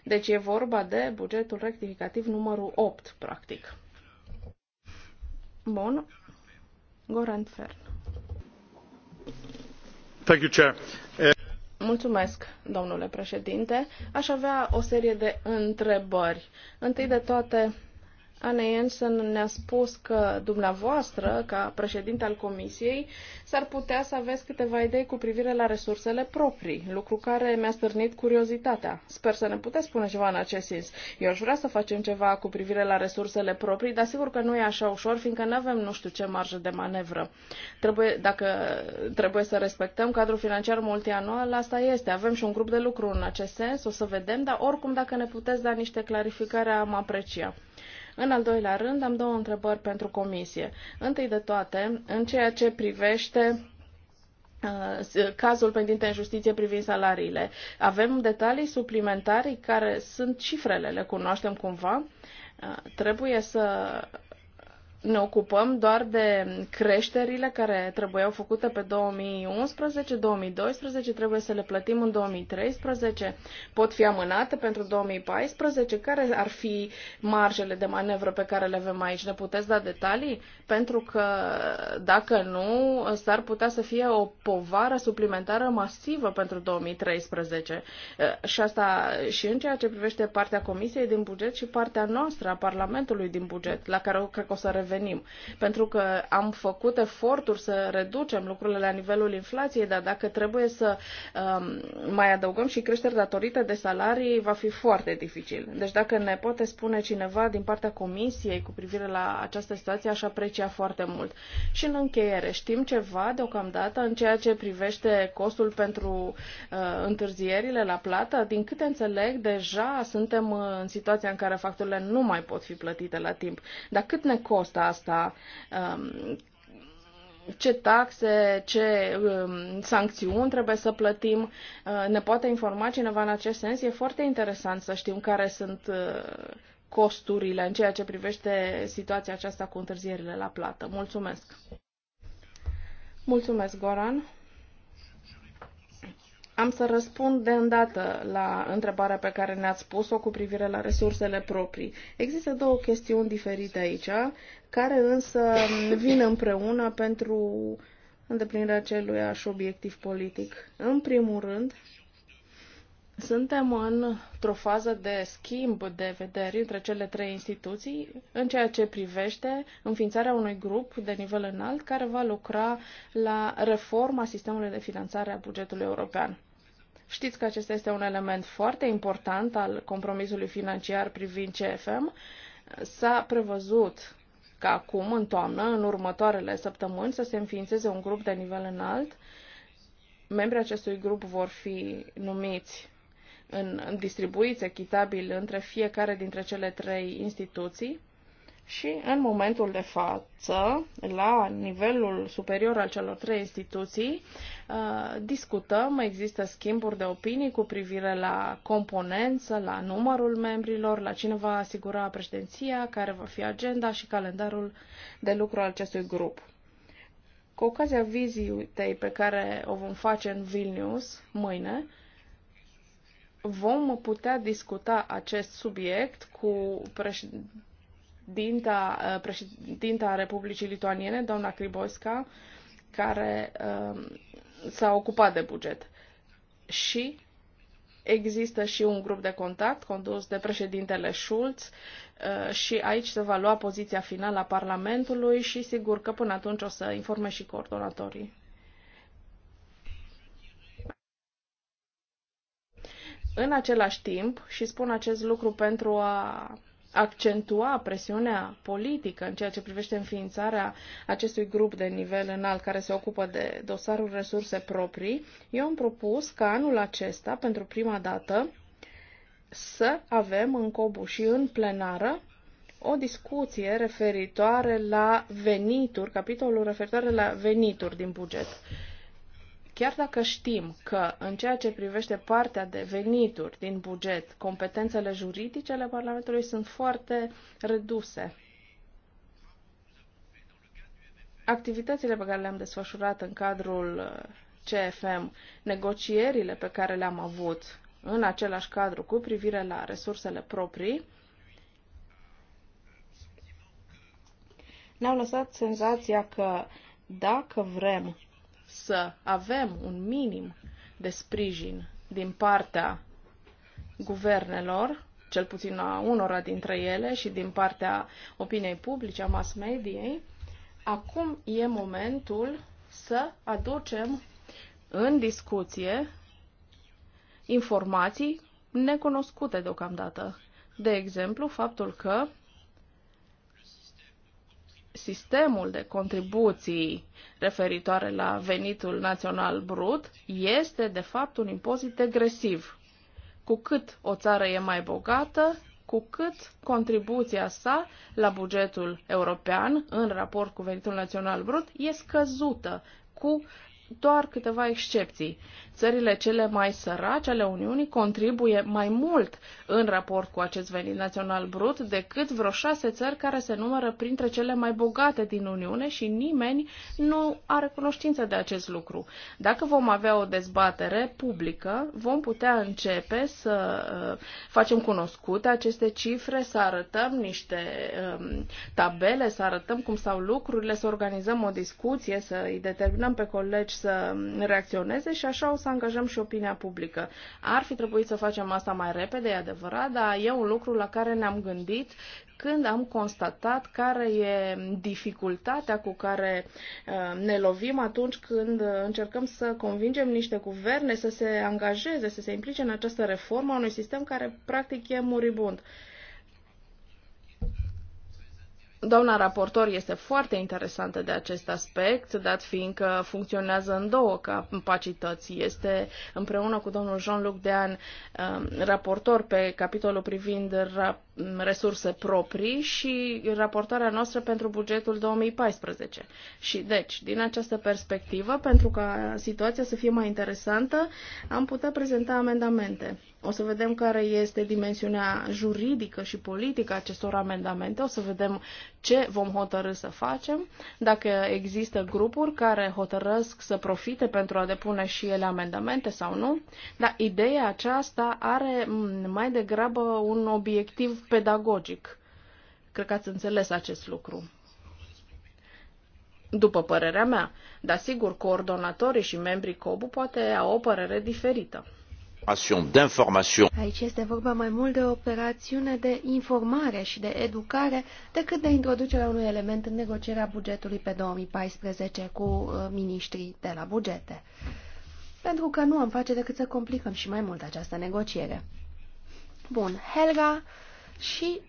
Deci e vorba de bugetul rectificativ numărul 8, practic. Bun. Goran Fern. Thank you, Chair. Eh, Mulțumesc, domnule președinte. Aș avea o serie de întrebări. Întâi de toate, Ana Jensen ne-a spus că dumneavoastră, ca președinte al Comisiei, s-ar putea să aveți câteva idei cu privire la resursele proprii, lucru care mi-a stârnit curiozitatea. Sper să ne puteți spune ceva în acest sens. Eu aș vrea să facem ceva cu privire la resursele proprii, dar sigur că nu e așa ușor, fiindcă nu avem nu știu ce marjă de manevră. Trebuie, dacă trebuie să respectăm cadrul financiar multianual, asta este. Avem și un grup de lucru în acest sens, o să vedem, dar oricum dacă ne puteți da niște clarificare, am aprecia. În al doilea rând, am două întrebări pentru comisie. Întâi de toate, în ceea ce privește uh, cazul pendinte în justiție privind salariile. Avem detalii suplimentare care sunt cifrele, le cunoaștem cumva. Uh, trebuie să ne ocupăm doar de creșterile care trebuiau făcute pe 2011, 2012, trebuie să le plătim în 2013, pot fi amânate pentru 2014, care ar fi marjele de manevră pe care le avem aici? Ne puteți da detalii? Pentru că dacă nu, s-ar putea să fie o povară suplimentară masivă pentru 2013. Și asta și în ceea ce privește partea Comisiei din buget și partea noastră a Parlamentului din buget, la care cred că o să revenim moștenim. Pentru că am făcut eforturi să reducem lucrurile la nivelul inflației, dar dacă trebuie să um, mai adăugăm și creșteri datorită de salarii, va fi foarte dificil. Deci dacă ne poate spune cineva din partea comisiei cu privire la această situație, aș aprecia foarte mult. Și în încheiere, știm ceva deocamdată în ceea ce privește costul pentru uh, întârzierile la plată? Din câte înțeleg, deja suntem uh, în situația în care facturile nu mai pot fi plătite la timp. Dar cât ne costă? asta, um, ce taxe, ce um, sancțiuni trebuie să plătim. Uh, ne poate informa cineva în acest sens? E foarte interesant să știm care sunt uh, costurile în ceea ce privește situația aceasta cu întârzierile la plată. Mulțumesc! Mulțumesc, Goran! Am să răspund de îndată la întrebarea pe care ne-ați pus-o cu privire la resursele proprii. Există două chestiuni diferite aici, care însă vin împreună pentru îndeplinirea așa obiectiv politic. În primul rând, suntem într-o fază de schimb de vederi între cele trei instituții în ceea ce privește înființarea unui grup de nivel înalt care va lucra la reforma sistemului de finanțare a bugetului european. Știți că acesta este un element foarte important al compromisului financiar privind CFM. S-a prevăzut ca acum, în toamnă, în următoarele săptămâni, să se înființeze un grup de nivel înalt. Membrii acestui grup vor fi numiți în distribuiți echitabil între fiecare dintre cele trei instituții și în momentul de față, la nivelul superior al celor trei instituții, uh, discutăm, există schimburi de opinii cu privire la componență, la numărul membrilor, la cine va asigura președinția, care va fi agenda și calendarul de lucru al acestui grup. Cu ocazia vizitei pe care o vom face în Vilnius mâine, vom putea discuta acest subiect cu președinția dinta, uh, președinta Republicii Lituaniene, doamna Kribosca, care um, s-a ocupat de buget. Și există și un grup de contact condus de președintele Schulz uh, și aici se va lua poziția finală a Parlamentului și sigur că până atunci o să informe și coordonatorii. În același timp, și spun acest lucru pentru a accentua presiunea politică în ceea ce privește înființarea acestui grup de nivel înalt care se ocupă de dosarul resurse proprii, eu am propus ca anul acesta, pentru prima dată, să avem în COBU și în plenară o discuție referitoare la venituri, capitolul referitoare la venituri din buget. Chiar dacă știm că, în ceea ce privește partea de venituri din buget, competențele juridice ale Parlamentului sunt foarte reduse, activitățile pe care le-am desfășurat în cadrul uh, CFM, negocierile pe care le-am avut în același cadru cu privire la resursele proprii, ne-au lăsat senzația că dacă vrem să avem un minim de sprijin din partea guvernelor, cel puțin a unora dintre ele și din partea opiniei publice, a mass mediei, acum e momentul să aducem în discuție informații necunoscute deocamdată. De exemplu, faptul că sistemul de contribuții referitoare la venitul național brut este, de fapt, un impozit degresiv. Cu cât o țară e mai bogată, cu cât contribuția sa la bugetul european în raport cu venitul național brut e scăzută cu doar câteva excepții. Țările cele mai sărace ale Uniunii contribuie mai mult în raport cu acest venit național brut decât vreo șase țări care se numără printre cele mai bogate din Uniune și nimeni nu are cunoștință de acest lucru. Dacă vom avea o dezbatere publică, vom putea începe să uh, facem cunoscute aceste cifre, să arătăm niște um, tabele, să arătăm cum stau lucrurile, să organizăm o discuție, să îi determinăm pe colegi să reacționeze și așa o să angajăm și opinia publică. Ar fi trebuit să facem asta mai repede, e adevărat, dar e un lucru la care ne-am gândit când am constatat care e dificultatea cu care uh, ne lovim atunci când uh, încercăm să convingem niște guverne să se angajeze, să se implice în această reformă a unui sistem care practic e muribund. Doamna raportor este foarte interesantă de acest aspect, dat fiindcă funcționează în două capacități. Este împreună cu domnul Jean-Luc Dean um, raportor pe capitolul privind resurse proprii și raportarea noastră pentru bugetul 2014. Și deci, din această perspectivă, pentru ca situația să fie mai interesantă, am putea prezenta amendamente. O să vedem care este dimensiunea juridică și politică acestor amendamente, o să vedem ce vom hotărâ să facem, dacă există grupuri care hotărăsc să profite pentru a depune și ele amendamente sau nu, dar ideea aceasta are mai degrabă un obiectiv pedagogic. Cred că ați înțeles acest lucru după părerea mea, dar sigur coordonatorii și membrii COBU poate au o părere diferită. Aici este vorba mai mult de o operațiune de informare și de educare decât de introducerea unui element în negocierea bugetului pe 2014 cu uh, ministrii de la bugete. Pentru că nu am face decât să complicăm și mai mult această negociere. Bun, Helga și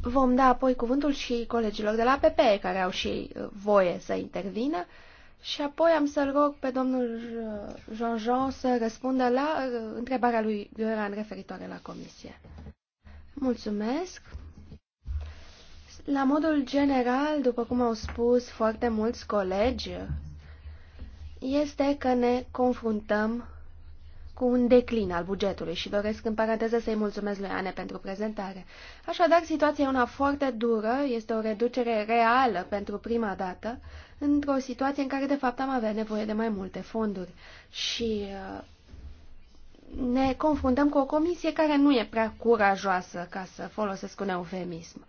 vom da apoi cuvântul și colegilor de la PPE care au și uh, voie să intervină. Și apoi am să-l rog pe domnul uh, Jean-Jean să răspundă la uh, întrebarea lui Gioran referitoare la comisie. Mulțumesc! La modul general, după cum au spus foarte mulți colegi, este că ne confruntăm cu un declin al bugetului și doresc în paranteză să-i mulțumesc lui Ane pentru prezentare. Așadar, situația e una foarte dură, este o reducere reală pentru prima dată într-o situație în care de fapt am avea nevoie de mai multe fonduri și uh, ne confruntăm cu o comisie care nu e prea curajoasă, ca să folosesc un eufemism.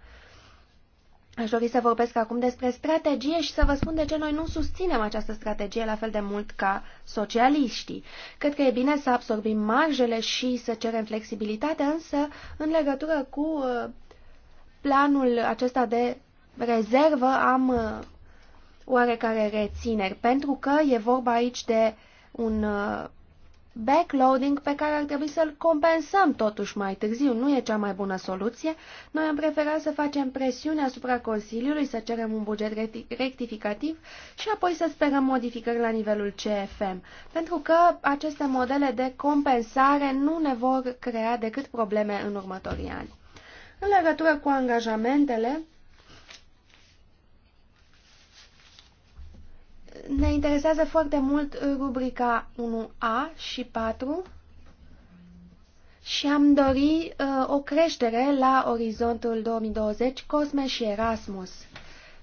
Aș dori să vorbesc acum despre strategie și să vă spun de ce noi nu susținem această strategie la fel de mult ca socialiștii. Cred că e bine să absorbim marjele și să cerem flexibilitate, însă în legătură cu uh, planul acesta de rezervă am uh, oarecare rețineri, pentru că e vorba aici de un uh, backloading pe care ar trebui să-l compensăm totuși mai târziu. Nu e cea mai bună soluție. Noi am preferat să facem presiune asupra Consiliului, să cerem un buget rectificativ și apoi să sperăm modificări la nivelul CFM, pentru că aceste modele de compensare nu ne vor crea decât probleme în următorii ani. În legătură cu angajamentele, Ne interesează foarte mult rubrica 1A și 4 și am dori uh, o creștere la orizontul 2020 Cosme și Erasmus.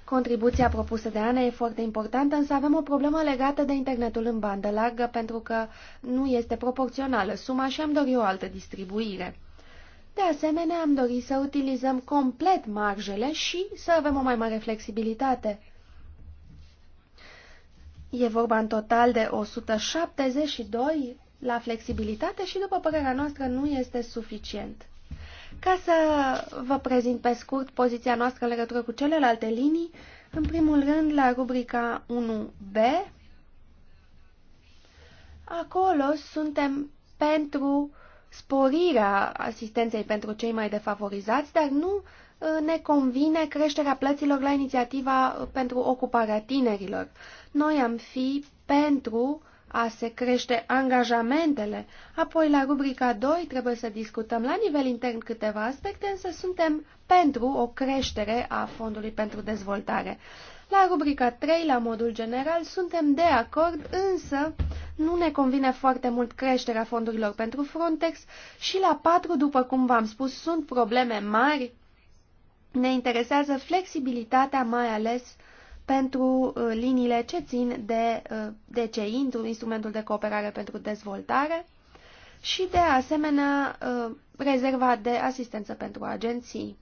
Contribuția propusă de Ana e foarte importantă, însă avem o problemă legată de internetul în bandă largă pentru că nu este proporțională suma și am dorit o altă distribuire. De asemenea, am dorit să utilizăm complet marjele și să avem o mai mare flexibilitate. E vorba în total de 172 la flexibilitate și, după părerea noastră, nu este suficient. Ca să vă prezint pe scurt poziția noastră în legătură cu celelalte linii, în primul rând la rubrica 1B, acolo suntem pentru sporirea asistenței pentru cei mai defavorizați, dar nu uh, ne convine creșterea plăților la inițiativa uh, pentru ocuparea tinerilor. Noi am fi pentru a se crește angajamentele. Apoi, la rubrica 2, trebuie să discutăm la nivel intern câteva aspecte, însă suntem pentru o creștere a Fondului pentru Dezvoltare. La rubrica 3, la modul general, suntem de acord, însă nu ne convine foarte mult creșterea fondurilor pentru Frontex și la 4, după cum v-am spus, sunt probleme mari. Ne interesează flexibilitatea, mai ales pentru uh, liniile ce țin de uh, DCI, instrumentul de cooperare pentru dezvoltare, și de asemenea uh, rezerva de asistență pentru agenții.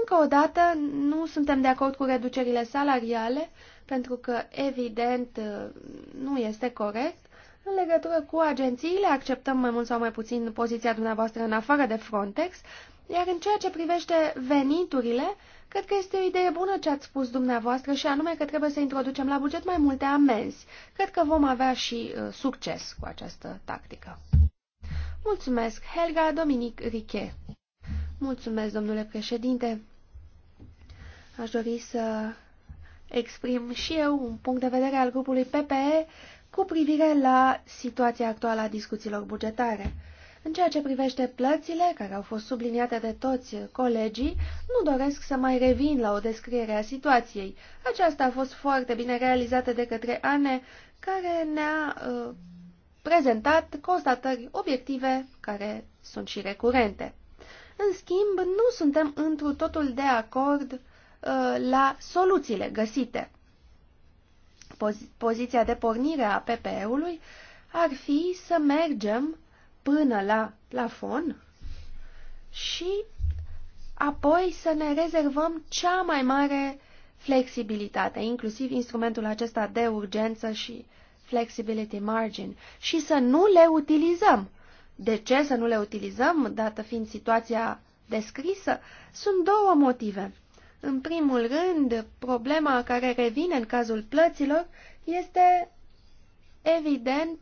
Încă o dată, nu suntem de acord cu reducerile salariale, pentru că, evident, nu este corect. În legătură cu agențiile, acceptăm mai mult sau mai puțin poziția dumneavoastră în afară de Frontex, iar în ceea ce privește veniturile, cred că este o idee bună ce ați spus dumneavoastră și anume că trebuie să introducem la buget mai multe amenzi. Cred că vom avea și uh, succes cu această tactică. Mulțumesc, Helga Dominic Riche. Mulțumesc, domnule președinte. Aș dori să exprim și eu un punct de vedere al grupului PPE cu privire la situația actuală a discuțiilor bugetare. În ceea ce privește plățile, care au fost subliniate de toți colegii, nu doresc să mai revin la o descriere a situației. Aceasta a fost foarte bine realizată de către Ane, care ne-a uh, prezentat constatări obiective care sunt și recurente. În schimb, nu suntem întru totul de acord uh, la soluțiile găsite. poziția de pornire a PPE-ului ar fi să mergem până la plafon și apoi să ne rezervăm cea mai mare flexibilitate, inclusiv instrumentul acesta de urgență și flexibility margin, și să nu le utilizăm. De ce să nu le utilizăm, dată fiind situația descrisă? Sunt două motive. În primul rând, problema care revine în cazul plăților este, evident,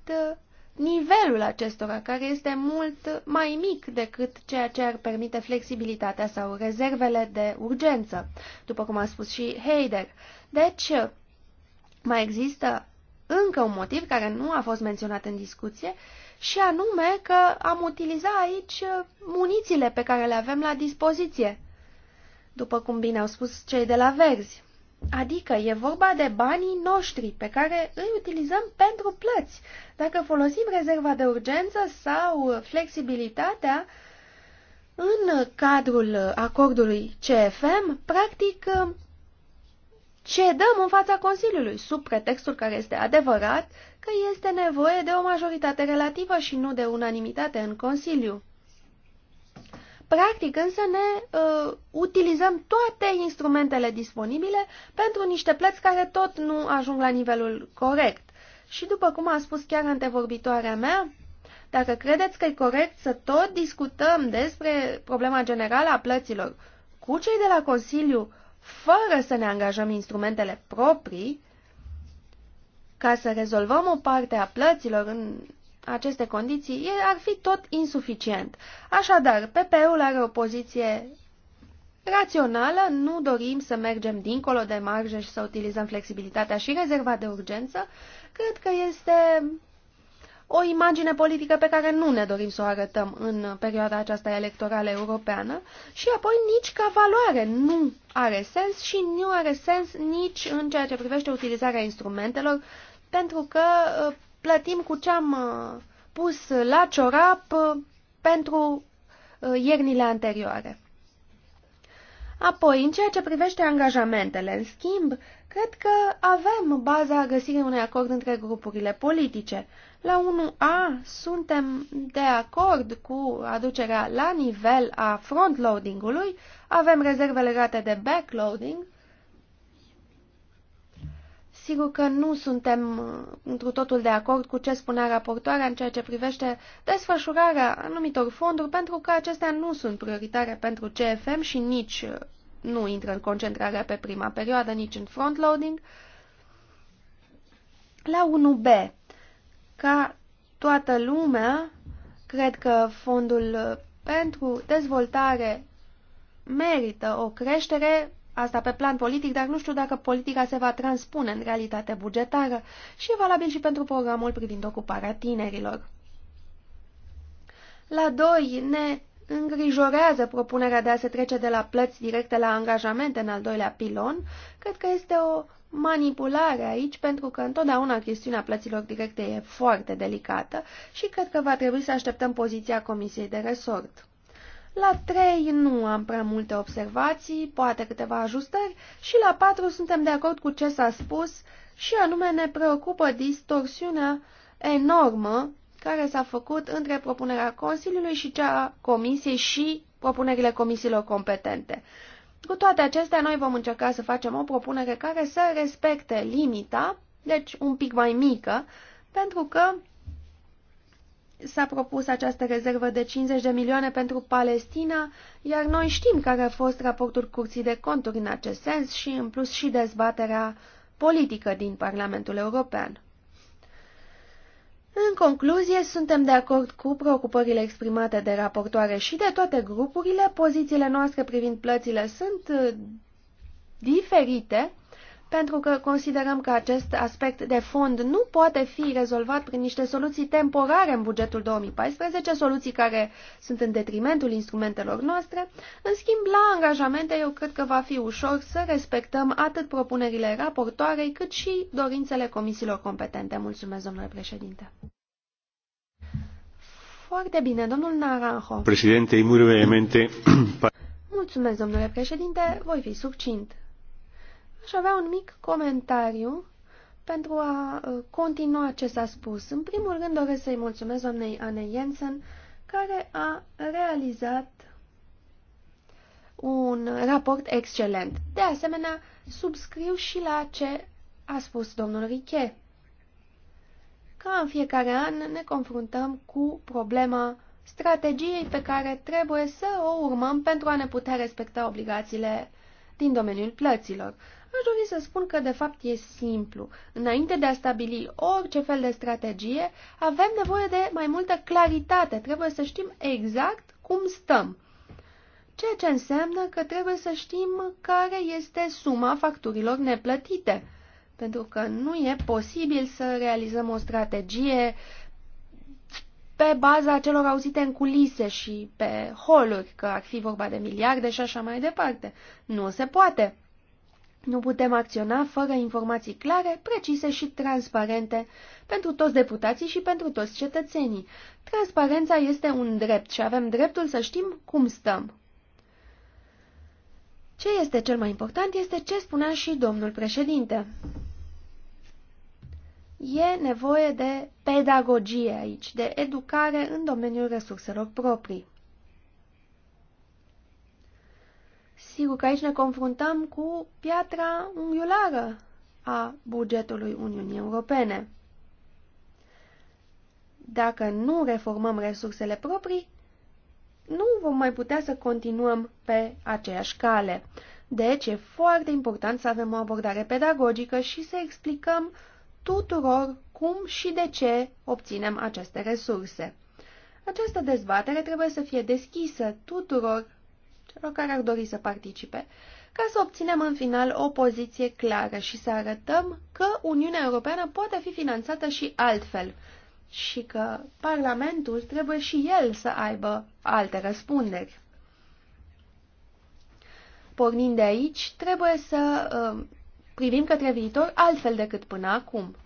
nivelul acestora, care este mult mai mic decât ceea ce ar permite flexibilitatea sau rezervele de urgență, după cum a spus și Heider. Deci, mai există încă un motiv care nu a fost menționat în discuție, și anume că am utiliza aici munițiile pe care le avem la dispoziție, după cum bine au spus cei de la Verzi. Adică e vorba de banii noștri pe care îi utilizăm pentru plăți. Dacă folosim rezerva de urgență sau flexibilitatea în cadrul acordului CFM, practic cedăm în fața Consiliului, sub pretextul care este adevărat că este nevoie de o majoritate relativă și nu de unanimitate în Consiliu. Practic însă ne uh, utilizăm toate instrumentele disponibile pentru niște plăți care tot nu ajung la nivelul corect. Și după cum a spus chiar antevorbitoarea mea, dacă credeți că e corect să tot discutăm despre problema generală a plăților cu cei de la Consiliu, fără să ne angajăm instrumentele proprii, ca să rezolvăm o parte a plăților în aceste condiții ar fi tot insuficient. Așadar, PP-ul are o poziție rațională, nu dorim să mergem dincolo de marge și să utilizăm flexibilitatea și rezerva de urgență. Cred că este o imagine politică pe care nu ne dorim să o arătăm în perioada aceasta electorală europeană și apoi nici ca valoare nu are sens și nu are sens nici în ceea ce privește utilizarea instrumentelor, pentru că plătim cu ce am uh, pus la ciorap uh, pentru uh, iernile anterioare. Apoi, în ceea ce privește angajamentele, în schimb, cred că avem baza găsirii unui acord între grupurile politice. La 1A suntem de acord cu aducerea la nivel a frontloading-ului, avem rezerve legate de backloading, Sigur că nu suntem uh, într totul de acord cu ce spunea raportoarea în ceea ce privește desfășurarea anumitor fonduri, pentru că acestea nu sunt prioritare pentru CFM și nici uh, nu intră în concentrarea pe prima perioadă, nici în frontloading. La 1B, ca toată lumea, cred că fondul uh, pentru dezvoltare merită o creștere Asta pe plan politic, dar nu știu dacă politica se va transpune în realitate bugetară și e valabil și pentru programul privind ocuparea tinerilor. La 2. Ne îngrijorează propunerea de a se trece de la plăți directe la angajamente în al doilea pilon. Cred că este o manipulare aici, pentru că întotdeauna chestiunea plăților directe e foarte delicată și cred că va trebui să așteptăm poziția Comisiei de Resort. La trei nu am prea multe observații, poate câteva ajustări și la patru suntem de acord cu ce s-a spus și anume ne preocupă distorsiunea enormă care s-a făcut între propunerea Consiliului și cea a Comisiei și propunerile comisiilor competente. Cu toate acestea, noi vom încerca să facem o propunere care să respecte limita, deci un pic mai mică, pentru că s-a propus această rezervă de 50 de milioane pentru Palestina, iar noi știm care a fost raportul Curții de Conturi în acest sens și, în plus, și dezbaterea politică din Parlamentul European. În concluzie, suntem de acord cu preocupările exprimate de raportoare și de toate grupurile. Pozițiile noastre privind plățile sunt uh, diferite, pentru că considerăm că acest aspect de fond nu poate fi rezolvat prin niște soluții temporare în bugetul 2014, soluții care sunt în detrimentul instrumentelor noastre. În schimb, la angajamente, eu cred că va fi ușor să respectăm atât propunerile raportoarei, cât și dorințele comisiilor competente. Mulțumesc, domnule președinte. Foarte bine, domnul Naranjo. Președinte, îi Mulțumesc, domnule președinte, voi fi succint. Aș avea un mic comentariu pentru a uh, continua ce s-a spus. În primul rând doresc să-i mulțumesc doamnei Anne Jensen, care a realizat un raport excelent. De asemenea, subscriu și la ce a spus domnul Riche. Ca în fiecare an ne confruntăm cu problema strategiei pe care trebuie să o urmăm pentru a ne putea respecta obligațiile din domeniul plăților. Aș dori să spun că, de fapt, e simplu. Înainte de a stabili orice fel de strategie, avem nevoie de mai multă claritate. Trebuie să știm exact cum stăm. Ceea ce înseamnă că trebuie să știm care este suma facturilor neplătite. Pentru că nu e posibil să realizăm o strategie pe baza celor auzite în culise și pe holuri, că ar fi vorba de miliarde și așa mai departe. Nu se poate. Nu putem acționa fără informații clare, precise și transparente pentru toți deputații și pentru toți cetățenii. Transparența este un drept și avem dreptul să știm cum stăm. Ce este cel mai important este ce spunea și domnul președinte. E nevoie de pedagogie aici, de educare în domeniul resurselor proprii. Sigur că aici ne confruntăm cu piatra unghiulară a bugetului Uniunii Europene. Dacă nu reformăm resursele proprii, nu vom mai putea să continuăm pe aceeași cale. Deci e foarte important să avem o abordare pedagogică și să explicăm tuturor cum și de ce obținem aceste resurse. Această dezbatere trebuie să fie deschisă tuturor celor care ar dori să participe, ca să obținem în final o poziție clară și să arătăm că Uniunea Europeană poate fi finanțată și altfel și că Parlamentul trebuie și el să aibă alte răspunderi. Pornind de aici, trebuie să uh, privim către viitor altfel decât până acum.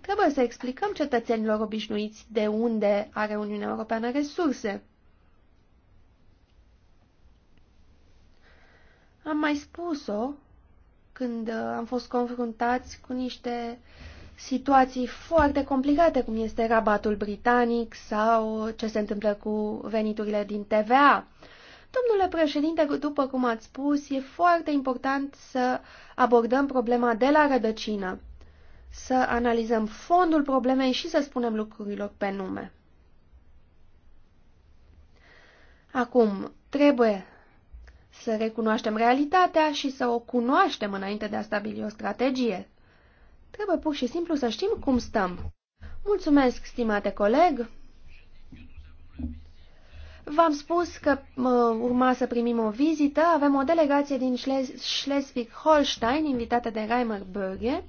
Trebuie să explicăm cetățenilor obișnuiți de unde are Uniunea Europeană resurse. Am mai spus-o când uh, am fost confruntați cu niște situații foarte complicate, cum este rabatul britanic sau ce se întâmplă cu veniturile din TVA. Domnule președinte, după cum ați spus, e foarte important să abordăm problema de la rădăcină, să analizăm fondul problemei și să spunem lucrurilor pe nume. Acum, trebuie să recunoaștem realitatea și să o cunoaștem înainte de a stabili o strategie. Trebuie pur și simplu să știm cum stăm. Mulțumesc, stimate coleg! V-am spus că mă, urma să primim o vizită. Avem o delegație din Schleswig-Holstein, invitată de Reimer Böge.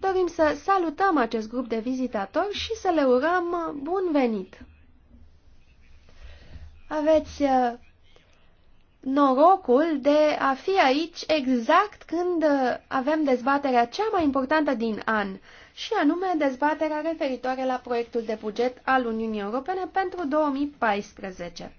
Dorim să salutăm acest grup de vizitatori și să le urăm bun venit! Aveți uh, norocul de a fi aici exact când uh, avem dezbaterea cea mai importantă din an, și anume dezbaterea referitoare la proiectul de buget al Uniunii Europene pentru 2014.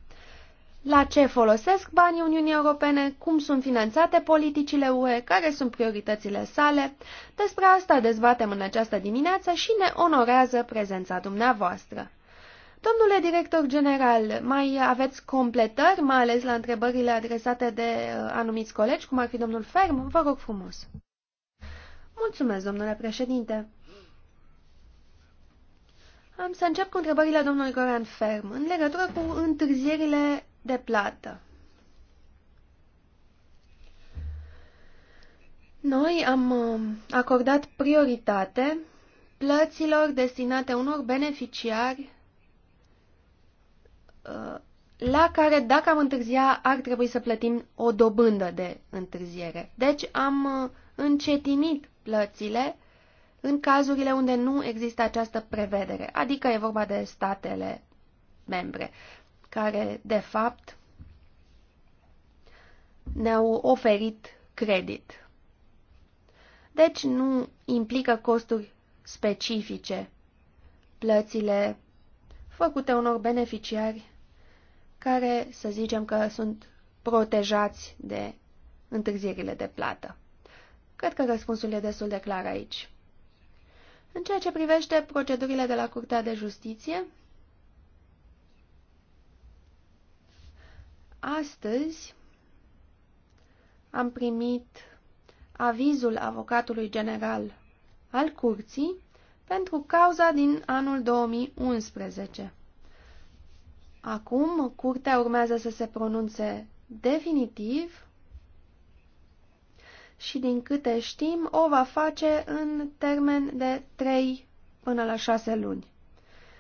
La ce folosesc banii Uniunii Europene, cum sunt finanțate politicile UE, care sunt prioritățile sale, despre asta dezbatem în această dimineață și ne onorează prezența dumneavoastră. Domnule director general, mai aveți completări, mai ales la întrebările adresate de uh, anumiți colegi, cum ar fi domnul Ferm? Vă rog frumos. Mulțumesc, domnule președinte. Am să încep cu întrebările domnului Goran Ferm, în legătură cu întârzierile de plată. Noi am uh, acordat prioritate plăților destinate unor beneficiari Uh, la care, dacă am întârzia, ar trebui să plătim o dobândă de întârziere. Deci am uh, încetinit plățile în cazurile unde nu există această prevedere, adică e vorba de statele membre, care, de fapt, ne-au oferit credit. Deci nu implică costuri specifice plățile făcute unor beneficiari care să zicem că sunt protejați de întârzierile de plată. Cred că răspunsul e destul de clar aici. În ceea ce privește procedurile de la Curtea de Justiție, astăzi am primit avizul avocatului general al curții pentru cauza din anul 2011. Acum, curtea urmează să se pronunțe definitiv și, din câte știm, o va face în termen de 3 până la 6 luni.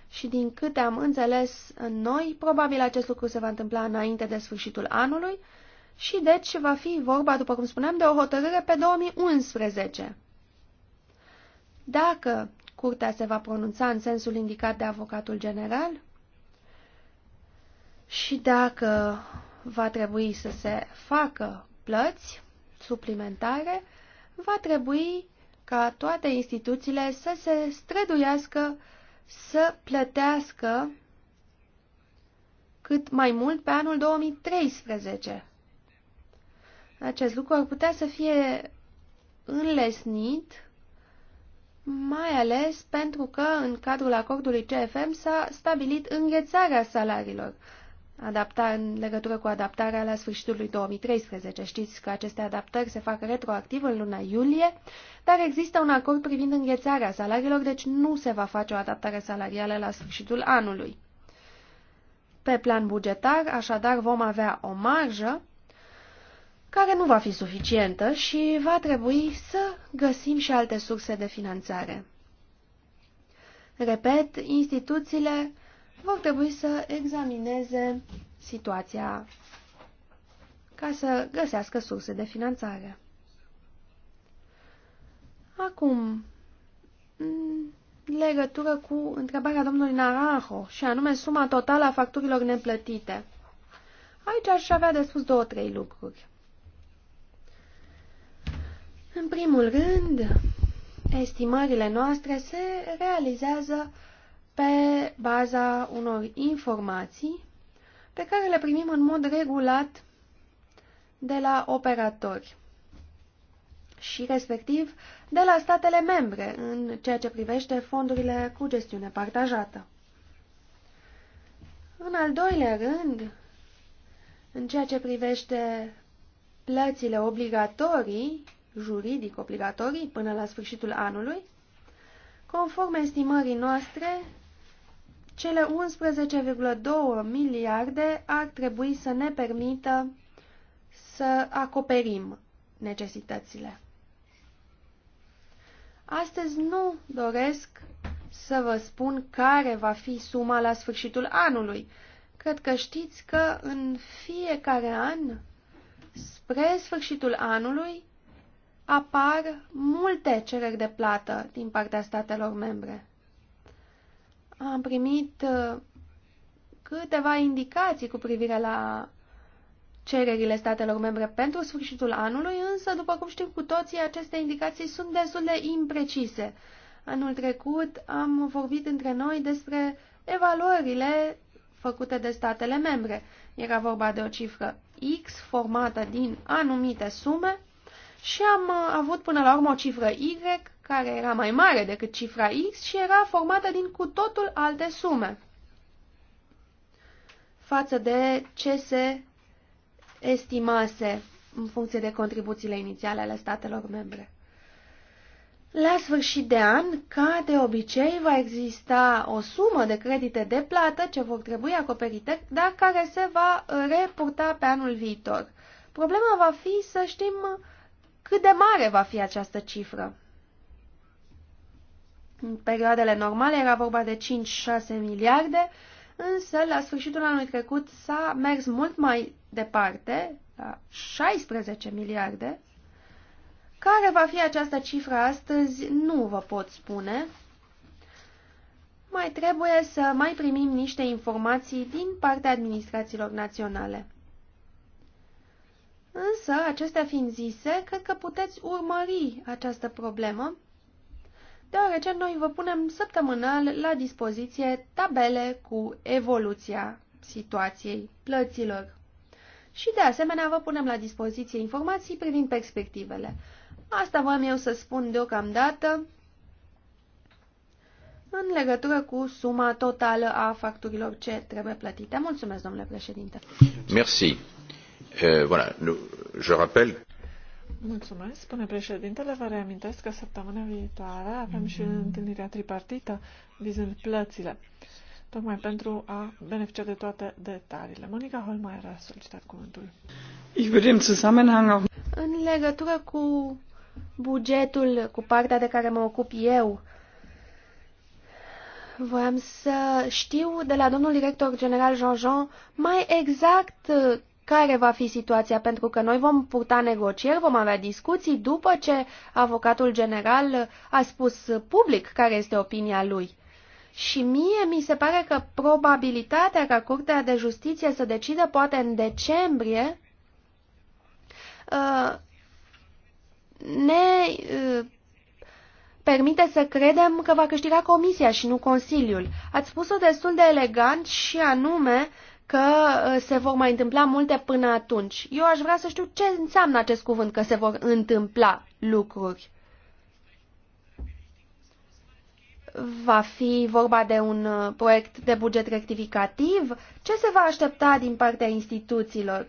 Și din câte am înțeles în noi, probabil acest lucru se va întâmpla înainte de sfârșitul anului și deci va fi vorba, după cum spuneam, de o hotărâre pe 2011. Dacă curtea se va pronunța în sensul indicat de avocatul general, și dacă va trebui să se facă plăți suplimentare, va trebui ca toate instituțiile să se străduiască să plătească cât mai mult pe anul 2013. Acest lucru ar putea să fie înlesnit, mai ales pentru că în cadrul acordului CFM s-a stabilit înghețarea salariilor, adapta, în legătură cu adaptarea la sfârșitul lui 2013. Știți că aceste adaptări se fac retroactiv în luna iulie, dar există un acord privind înghețarea salariilor, deci nu se va face o adaptare salarială la sfârșitul anului. Pe plan bugetar, așadar, vom avea o marjă care nu va fi suficientă și va trebui să găsim și alte surse de finanțare. Repet, instituțiile vor trebui să examineze situația ca să găsească surse de finanțare. Acum, în legătură cu întrebarea domnului Naranjo, și anume suma totală a facturilor neplătite. Aici aș avea de spus două, trei lucruri. În primul rând, estimările noastre se realizează pe baza unor informații pe care le primim în mod regulat de la operatori și respectiv de la statele membre în ceea ce privește fondurile cu gestiune partajată. În al doilea rând, în ceea ce privește plățile obligatorii, juridic obligatorii, până la sfârșitul anului, conform estimării noastre, cele 11,2 miliarde ar trebui să ne permită să acoperim necesitățile. Astăzi nu doresc să vă spun care va fi suma la sfârșitul anului. Cred că știți că în fiecare an, spre sfârșitul anului, apar multe cereri de plată din partea statelor membre am primit uh, câteva indicații cu privire la cererile statelor membre pentru sfârșitul anului, însă, după cum știm cu toții, aceste indicații sunt destul de imprecise. Anul trecut am vorbit între noi despre evaluările făcute de statele membre. Era vorba de o cifră X formată din anumite sume și am uh, avut până la urmă o cifră Y care era mai mare decât cifra X și era formată din cu totul alte sume față de ce se estimase în funcție de contribuțiile inițiale ale statelor membre. La sfârșit de an, ca de obicei, va exista o sumă de credite de plată ce vor trebui acoperite, dar care se va reporta pe anul viitor. Problema va fi să știm cât de mare va fi această cifră. În perioadele normale era vorba de 5-6 miliarde, însă la sfârșitul anului trecut s-a mers mult mai departe, la 16 miliarde. Care va fi această cifră astăzi, nu vă pot spune. Mai trebuie să mai primim niște informații din partea administrațiilor naționale. Însă, acestea fiind zise, cred că puteți urmări această problemă deoarece noi vă punem săptămânal la dispoziție tabele cu evoluția situației plăților. Și de asemenea vă punem la dispoziție informații privind perspectivele. Asta v-am eu să spun deocamdată în legătură cu suma totală a facturilor ce trebuie plătite. Mulțumesc, domnule președinte. Merci. Euh, voilà, je rappelle Mulțumesc, spune președintele. Vă reamintesc că săptămâna viitoare avem și mhm. întâlnirea tripartită vizând plățile, tocmai pentru a beneficia de toate detaliile. Monica Holmeier a solicitat cuvântul. În legătură cu bugetul, cu partea de care mă ocup eu, voiam să știu de la domnul director general Jean-Jean mai exact care va fi situația, pentru că noi vom purta negocieri, vom avea discuții după ce avocatul general a spus public care este opinia lui. Și mie mi se pare că probabilitatea ca Curtea de Justiție să decidă poate în decembrie uh, ne uh, permite să credem că va câștiga Comisia și nu Consiliul. Ați spus-o destul de elegant și anume că uh, se vor mai întâmpla multe până atunci. Eu aș vrea să știu ce înseamnă acest cuvânt, că se vor întâmpla lucruri. Va fi vorba de un uh, proiect de buget rectificativ? Ce se va aștepta din partea instituțiilor?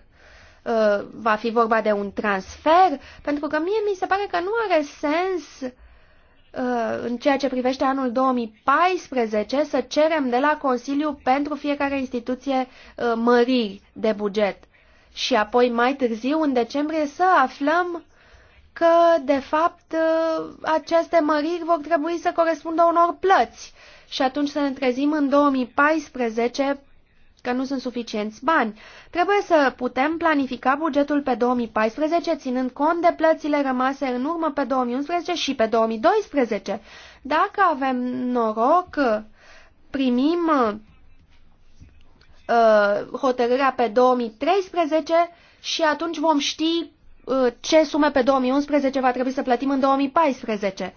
Uh, va fi vorba de un transfer? Pentru că mie mi se pare că nu are sens uh, în ceea ce privește anul 2014 să cerem de la Consiliu pentru fiecare instituție uh, măriri de buget. Și apoi mai târziu, în decembrie, să aflăm că, de fapt, uh, aceste măriri vor trebui să corespundă unor plăți. Și atunci să ne trezim în 2014 că nu sunt suficienți bani. Trebuie să putem planifica bugetul pe 2014, ținând cont de plățile rămase în urmă pe 2011 și pe 2012. Dacă avem noroc, primim uh, hotărârea pe 2013 și atunci vom ști uh, ce sume pe 2011 va trebui să plătim în 2014.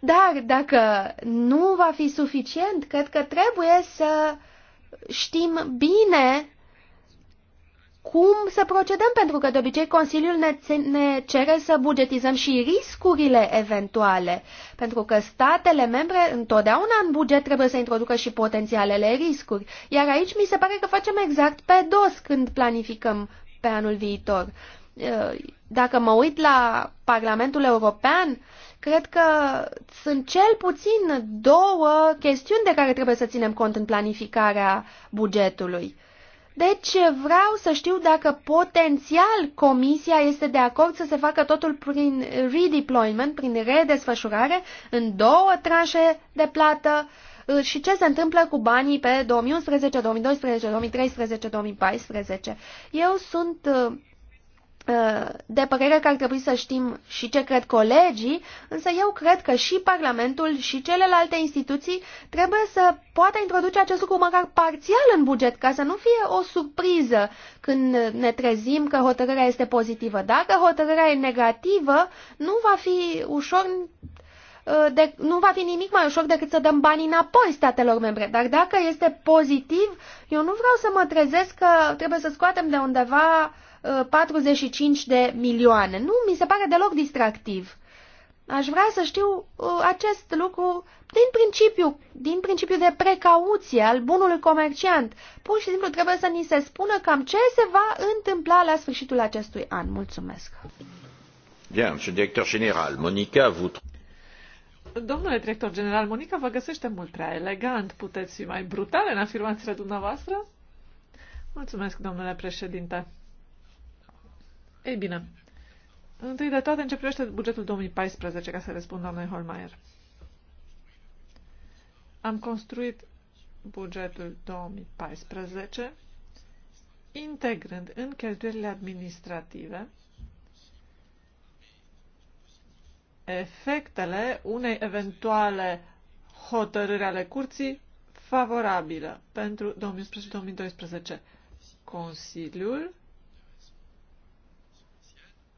Dar dacă nu va fi suficient, cred că trebuie să uh, știm bine cum să procedăm, pentru că de obicei Consiliul ne, ne cere să bugetizăm și riscurile eventuale, pentru că statele membre întotdeauna în buget trebuie să introducă și potențialele riscuri, iar aici mi se pare că facem exact pe dos când planificăm pe anul viitor. Eh, dacă mă uit la Parlamentul European, cred că sunt cel puțin două chestiuni de care trebuie să ținem cont în planificarea bugetului. Deci vreau să știu dacă potențial Comisia este de acord să se facă totul prin redeployment, prin redesfășurare, în două tranșe de plată eh, și ce se întâmplă cu banii pe 2011, 2012, 2013, 2014. Eu sunt eh, Uh, de părere că ar trebui să știm și ce cred colegii, însă eu cred că și Parlamentul și celelalte instituții trebuie să poată introduce acest lucru măcar parțial în buget, ca să nu fie o surpriză când ne trezim că hotărârea este pozitivă. Dacă hotărârea e negativă, nu va fi ușor uh, de, nu va fi nimic mai ușor decât să dăm banii înapoi statelor membre. Dar dacă este pozitiv, eu nu vreau să mă trezesc că trebuie să scoatem de undeva uh, 45 uh, de milioane. Nu mi se pare deloc distractiv. Aș vrea să știu uh, acest lucru din principiu, din principiu de precauție al bunului comerciant. Pur și simplu trebuie să ni se spună cam ce se va întâmpla la sfârșitul acestui an. Mulțumesc. Bien, monsieur directeur general, Monica, vous... Domnule director general, Monica vă găsește mult prea elegant. Puteți fi mai brutale în afirmațiile dumneavoastră? Mulțumesc, domnule președinte. Ei bine, întâi de toate începește bugetul 2014, ca să răspund doamnei Holmeier. Am construit bugetul 2014 integrând în cheltuielile administrative efectele unei eventuale hotărâri ale curții favorabilă pentru 2011-2012. Consiliul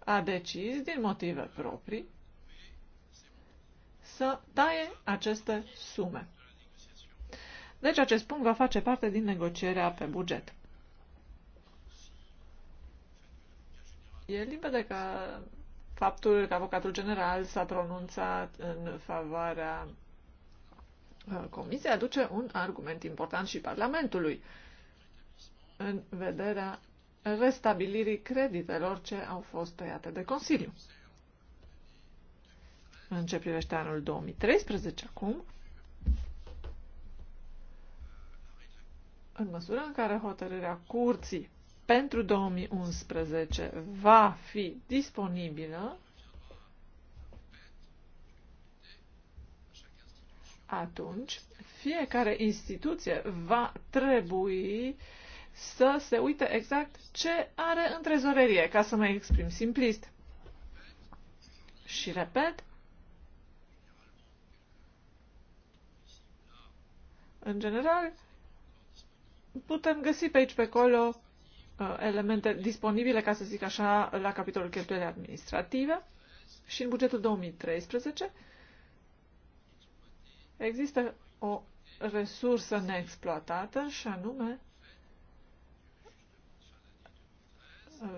a decis, din motive proprii, să taie aceste sume. Deci acest punct va face parte din negocierea pe buget. E limpede că faptul că avocatul general s-a pronunțat în favoarea uh, comisiei aduce un argument important și Parlamentului în vederea restabilirii creditelor ce au fost tăiate de Consiliu. În ce privește anul 2013 acum, în măsura în care hotărârea curții pentru 2011 va fi disponibilă, atunci fiecare instituție va trebui uh, să se uite exact ce are în trezorerie, ca să mă exprim simplist. Și repet, în general, putem găsi pe aici, pe acolo, uh, elemente disponibile, ca să zic așa, la capitolul cheltuieli administrative și în bugetul 2013 există o resursă neexploatată și anume Uh,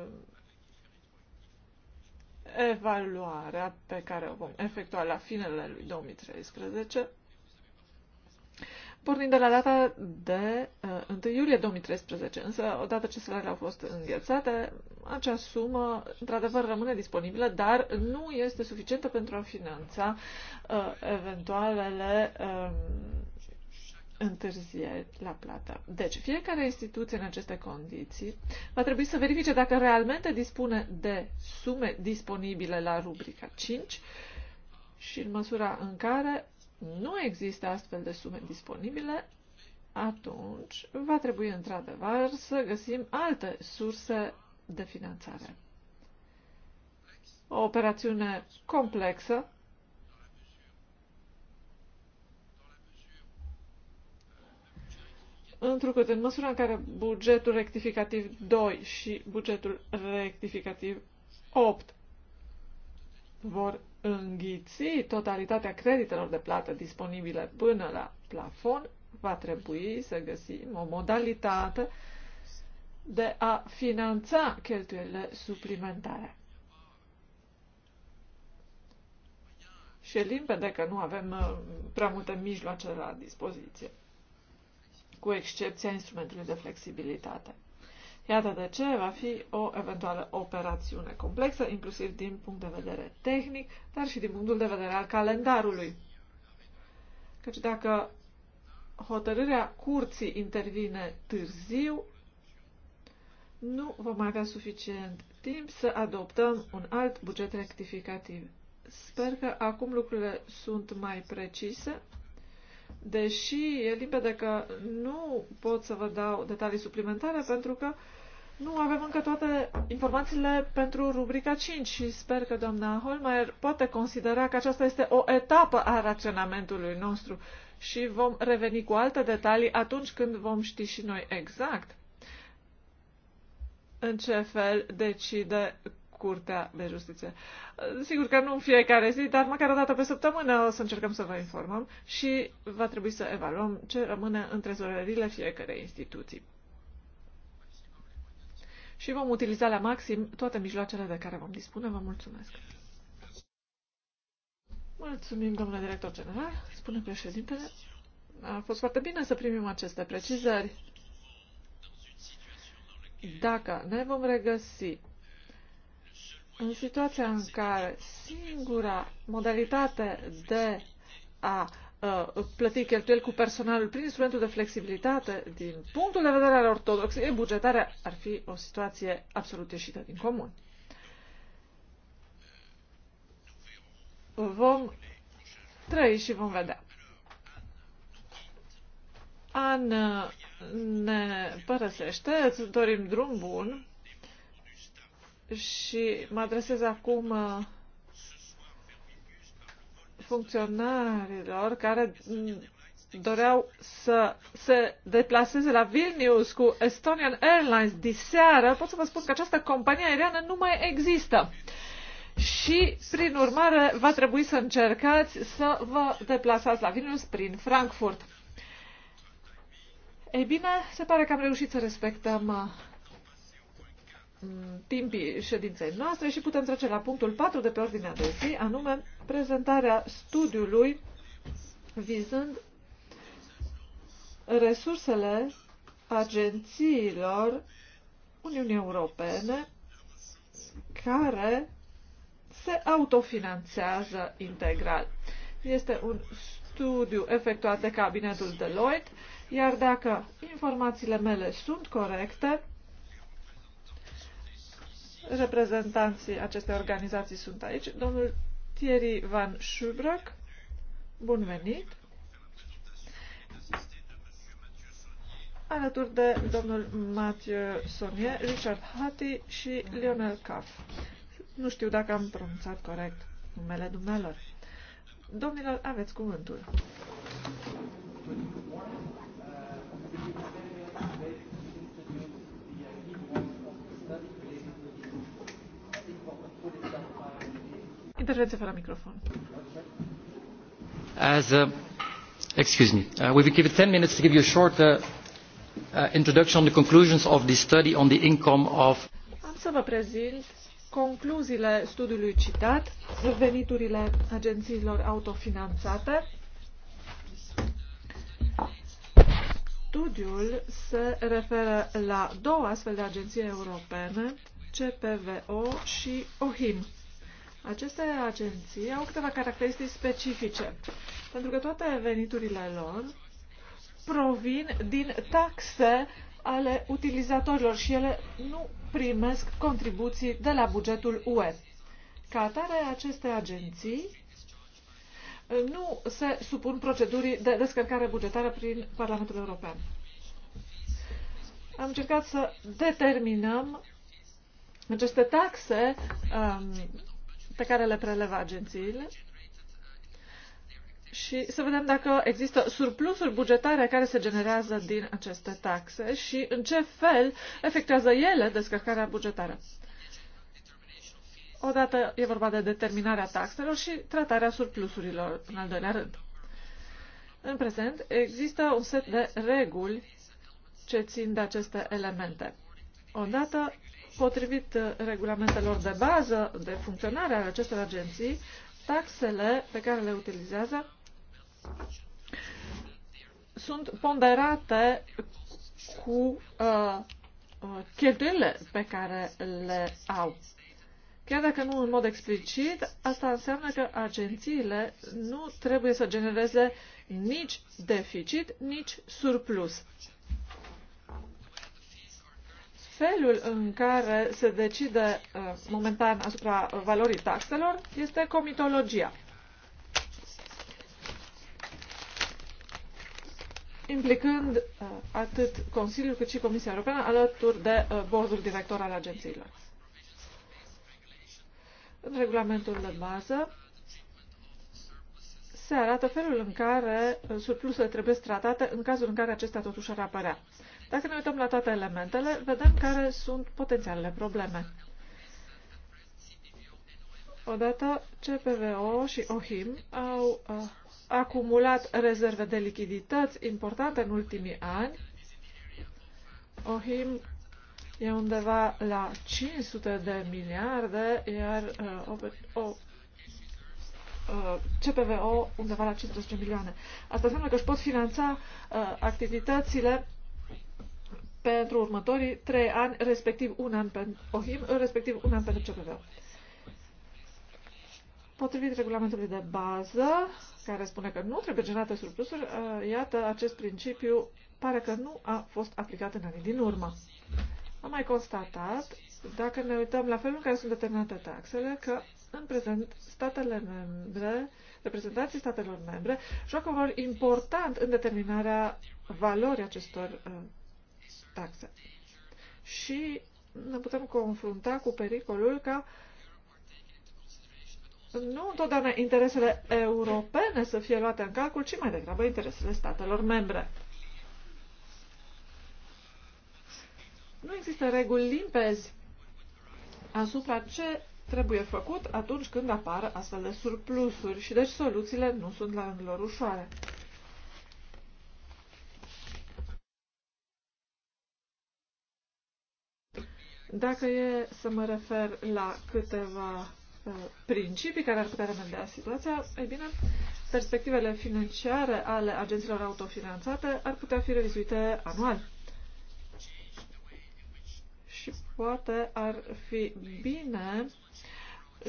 evaluarea pe care o vom efectua la finele lui 2013, pornind de la data de uh, 1 iulie 2013. Însă, odată ce salariile au fost înghețate, acea sumă, într-adevăr, rămâne disponibilă, dar nu este suficientă pentru a finanța uh, eventualele uh, întârzieri la plată. Deci, fiecare instituție în aceste condiții va trebui să verifice dacă realmente dispune de sume disponibile la rubrica 5 și în măsura în care nu există astfel de sume disponibile, atunci va trebui într-adevăr să găsim alte surse de finanțare. O operațiune complexă întrucât în măsura în care bugetul rectificativ 2 și bugetul rectificativ 8 vor înghiți totalitatea creditelor de plată disponibile până la plafon, va trebui să găsim o modalitate de a finanța cheltuielile suplimentare. Și e limpede că nu avem uh, prea multe mijloace la dispoziție cu excepția instrumentului de flexibilitate. Iată de ce va fi o eventuală operațiune complexă, inclusiv din punct de vedere tehnic, dar și din punctul de vedere al calendarului. Căci dacă hotărârea curții intervine târziu, nu vom avea suficient timp să adoptăm un alt buget rectificativ. Sper că acum lucrurile sunt mai precise deși e limpede că nu pot să vă dau detalii suplimentare pentru că nu avem încă toate informațiile pentru rubrica 5 și sper că doamna Holmeier poate considera că aceasta este o etapă a raționamentului nostru și vom reveni cu alte detalii atunci când vom ști și noi exact în ce fel decide Curtea de Justiție. Uh, sigur că nu în fiecare zi, dar măcar o dată pe săptămână o să încercăm să vă informăm și va trebui să evaluăm ce rămâne în trezorările fiecarei instituții. Și vom utiliza la maxim toate mijloacele de care vom dispune. Vă mulțumesc! Mulțumim, domnule director general, spune președintele. A fost foarte bine să primim aceste precizări. Dacă ne vom regăsi în situația în care singura modalitate de a ă, plăti cheltuieli cu personalul prin instrumentul de flexibilitate, din punctul de vedere al ortodoxiei bugetare, ar fi o situație absolut ieșită din comun. Vom trăi și vom vedea. An ne părăsește, îți dorim drum bun și mă adresez acum uh, funcționarilor care mm, doreau să se deplaseze la Vilnius cu Estonian Airlines diseară, pot să vă spun că această companie aeriană nu mai există. Și, prin urmare, va trebui să încercați să vă deplasați la Vilnius prin Frankfurt. Ei bine, se pare că am reușit să respectăm uh, Mm, timpii ședinței noastre și putem trece la punctul 4 de pe ordinea de zi, anume prezentarea studiului vizând resursele agențiilor Uniunii Europene care se autofinanțează integral. Este un studiu efectuat de cabinetul Deloitte, iar dacă informațiile mele sunt corecte, reprezentanții acestei organizații sunt aici. Domnul Thierry Van Schubrack, bun venit, alături de domnul Mathieu Sonier, Richard Hattie și Lionel Caff. Nu știu dacă am pronunțat corect numele dumnealor. Domnilor, aveți cuvântul. Intervenție microfon. As a, uh, excuse me, uh, we will give 10 minutes to give you a short uh, uh, introduction on the conclusions of the study on the income of. Am să vă prezint concluziile studiului citat, veniturile agențiilor autofinanțate. Studiul se referă la două astfel de agenții europene, CPVO și OHIM. Aceste agenții au câteva caracteristici specifice, pentru că toate veniturile lor provin din taxe ale utilizatorilor și ele nu primesc contribuții de la bugetul UE. Ca atare, aceste agenții nu se supun procedurii de descărcare bugetară prin Parlamentul European. Am încercat să determinăm aceste taxe um, pe care le preleva agențiile și să vedem dacă există surplusuri bugetare care se generează din aceste taxe și în ce fel efectuează ele descărcarea bugetară. Odată e vorba de determinarea taxelor și tratarea surplusurilor, în al doilea rând. În prezent, există un set de reguli ce țin de aceste elemente. Odată Potrivit uh, regulamentelor de bază de funcționare ale acestor agenții, taxele pe care le utilizează sunt ponderate cu uh, uh, cheltuielile pe care le au. Chiar dacă nu în mod explicit, asta înseamnă că agențiile nu trebuie să genereze nici deficit, nici surplus felul în care se decide uh, momentan asupra valorii taxelor este comitologia. implicând uh, atât Consiliul cât și Comisia Europeană alături de uh, bordul director al agențiilor. În regulamentul de bază se arată felul în care surplusele trebuie tratate în cazul în care acestea totuși ar apărea. Dacă ne uităm la toate elementele, vedem care sunt potențialele probleme. Odată, CPVO și OHIM au uh, acumulat rezerve de lichidități importante în ultimii ani. OHIM e undeva la 500 de miliarde, iar uh, o, o, uh, CPVO undeva la 15 milioane. Asta înseamnă că își pot finanța uh, activitățile pentru următorii trei ani, respectiv un an pentru OHIM, respectiv un an pentru CPV. Potrivit regulamentului de bază, care spune că nu trebuie generate surplusuri, uh, iată, acest principiu pare că nu a fost aplicat în anii din urmă. Am mai constatat, dacă ne uităm la felul în care sunt determinate taxele, că în prezent statele membre, reprezentanții statelor membre, joacă un rol important în determinarea valorii acestor uh, taxă. Și ne putem confrunta cu pericolul ca nu întotdeauna interesele europene să fie luate în calcul, ci mai degrabă interesele statelor membre. Nu există reguli limpezi asupra ce trebuie făcut atunci când apar astfel de surplusuri și deci soluțiile nu sunt la rândul lor ușoare. Dacă e să mă refer la câteva uh, principii care ar putea remedia situația, e bine, perspectivele financiare ale agențiilor autofinanțate ar putea fi revizuite anual. Și poate ar fi bine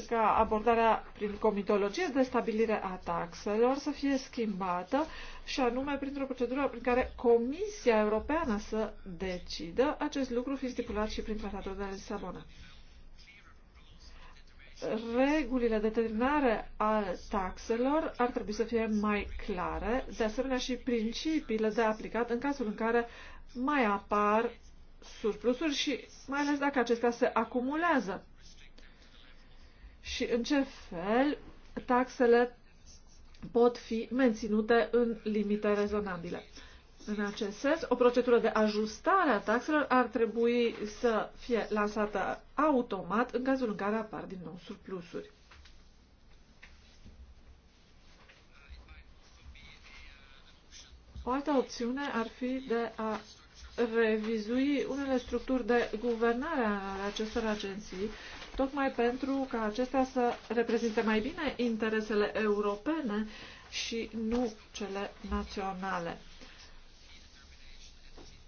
ca abordarea prin comitologie de stabilire a taxelor să fie schimbată și anume printr-o procedură prin care Comisia Europeană să decidă acest lucru fiind stipulat și prin Tratatul de la Lisabona. Regulile de determinare a taxelor ar trebui să fie mai clare, de asemenea și principiile de aplicat în cazul în care mai apar surplusuri și mai ales dacă acestea se acumulează și în ce fel taxele pot fi menținute în limite rezonabile. În acest sens, o procedură de ajustare a taxelor ar trebui să fie lansată automat în cazul în care apar din nou surplusuri. O altă opțiune ar fi de a revizui unele structuri de guvernare ale acestor agenții tocmai pentru ca acestea să reprezinte mai bine interesele europene și nu cele naționale.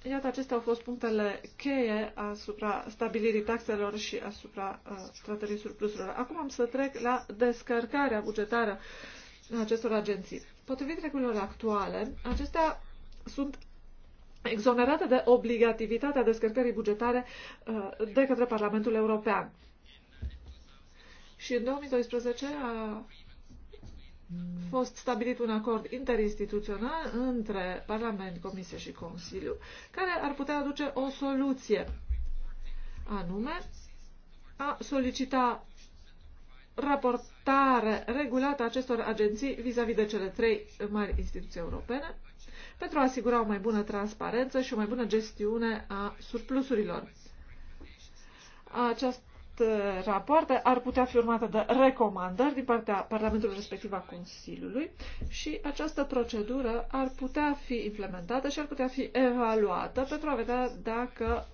Iată, acestea au fost punctele cheie asupra stabilirii taxelor și asupra uh, tratării surplusurilor. Acum am să trec la descărcarea bugetară a acestor agenții. Potrivit regulilor actuale, acestea sunt exonerate de obligativitatea descărcării bugetare uh, de către Parlamentul European. Și în 2012 a fost stabilit un acord interinstituțional între Parlament, Comisie și Consiliu, care ar putea aduce o soluție, anume a solicita raportare regulată acestor agenții vis-a-vis -vis de cele trei mari instituții europene pentru a asigura o mai bună transparență și o mai bună gestiune a surplusurilor. Această Uh, rapoarte ar putea fi urmată de recomandări din partea Parlamentului respectiv a Consiliului și această procedură ar putea fi implementată și ar putea fi evaluată pentru a vedea dacă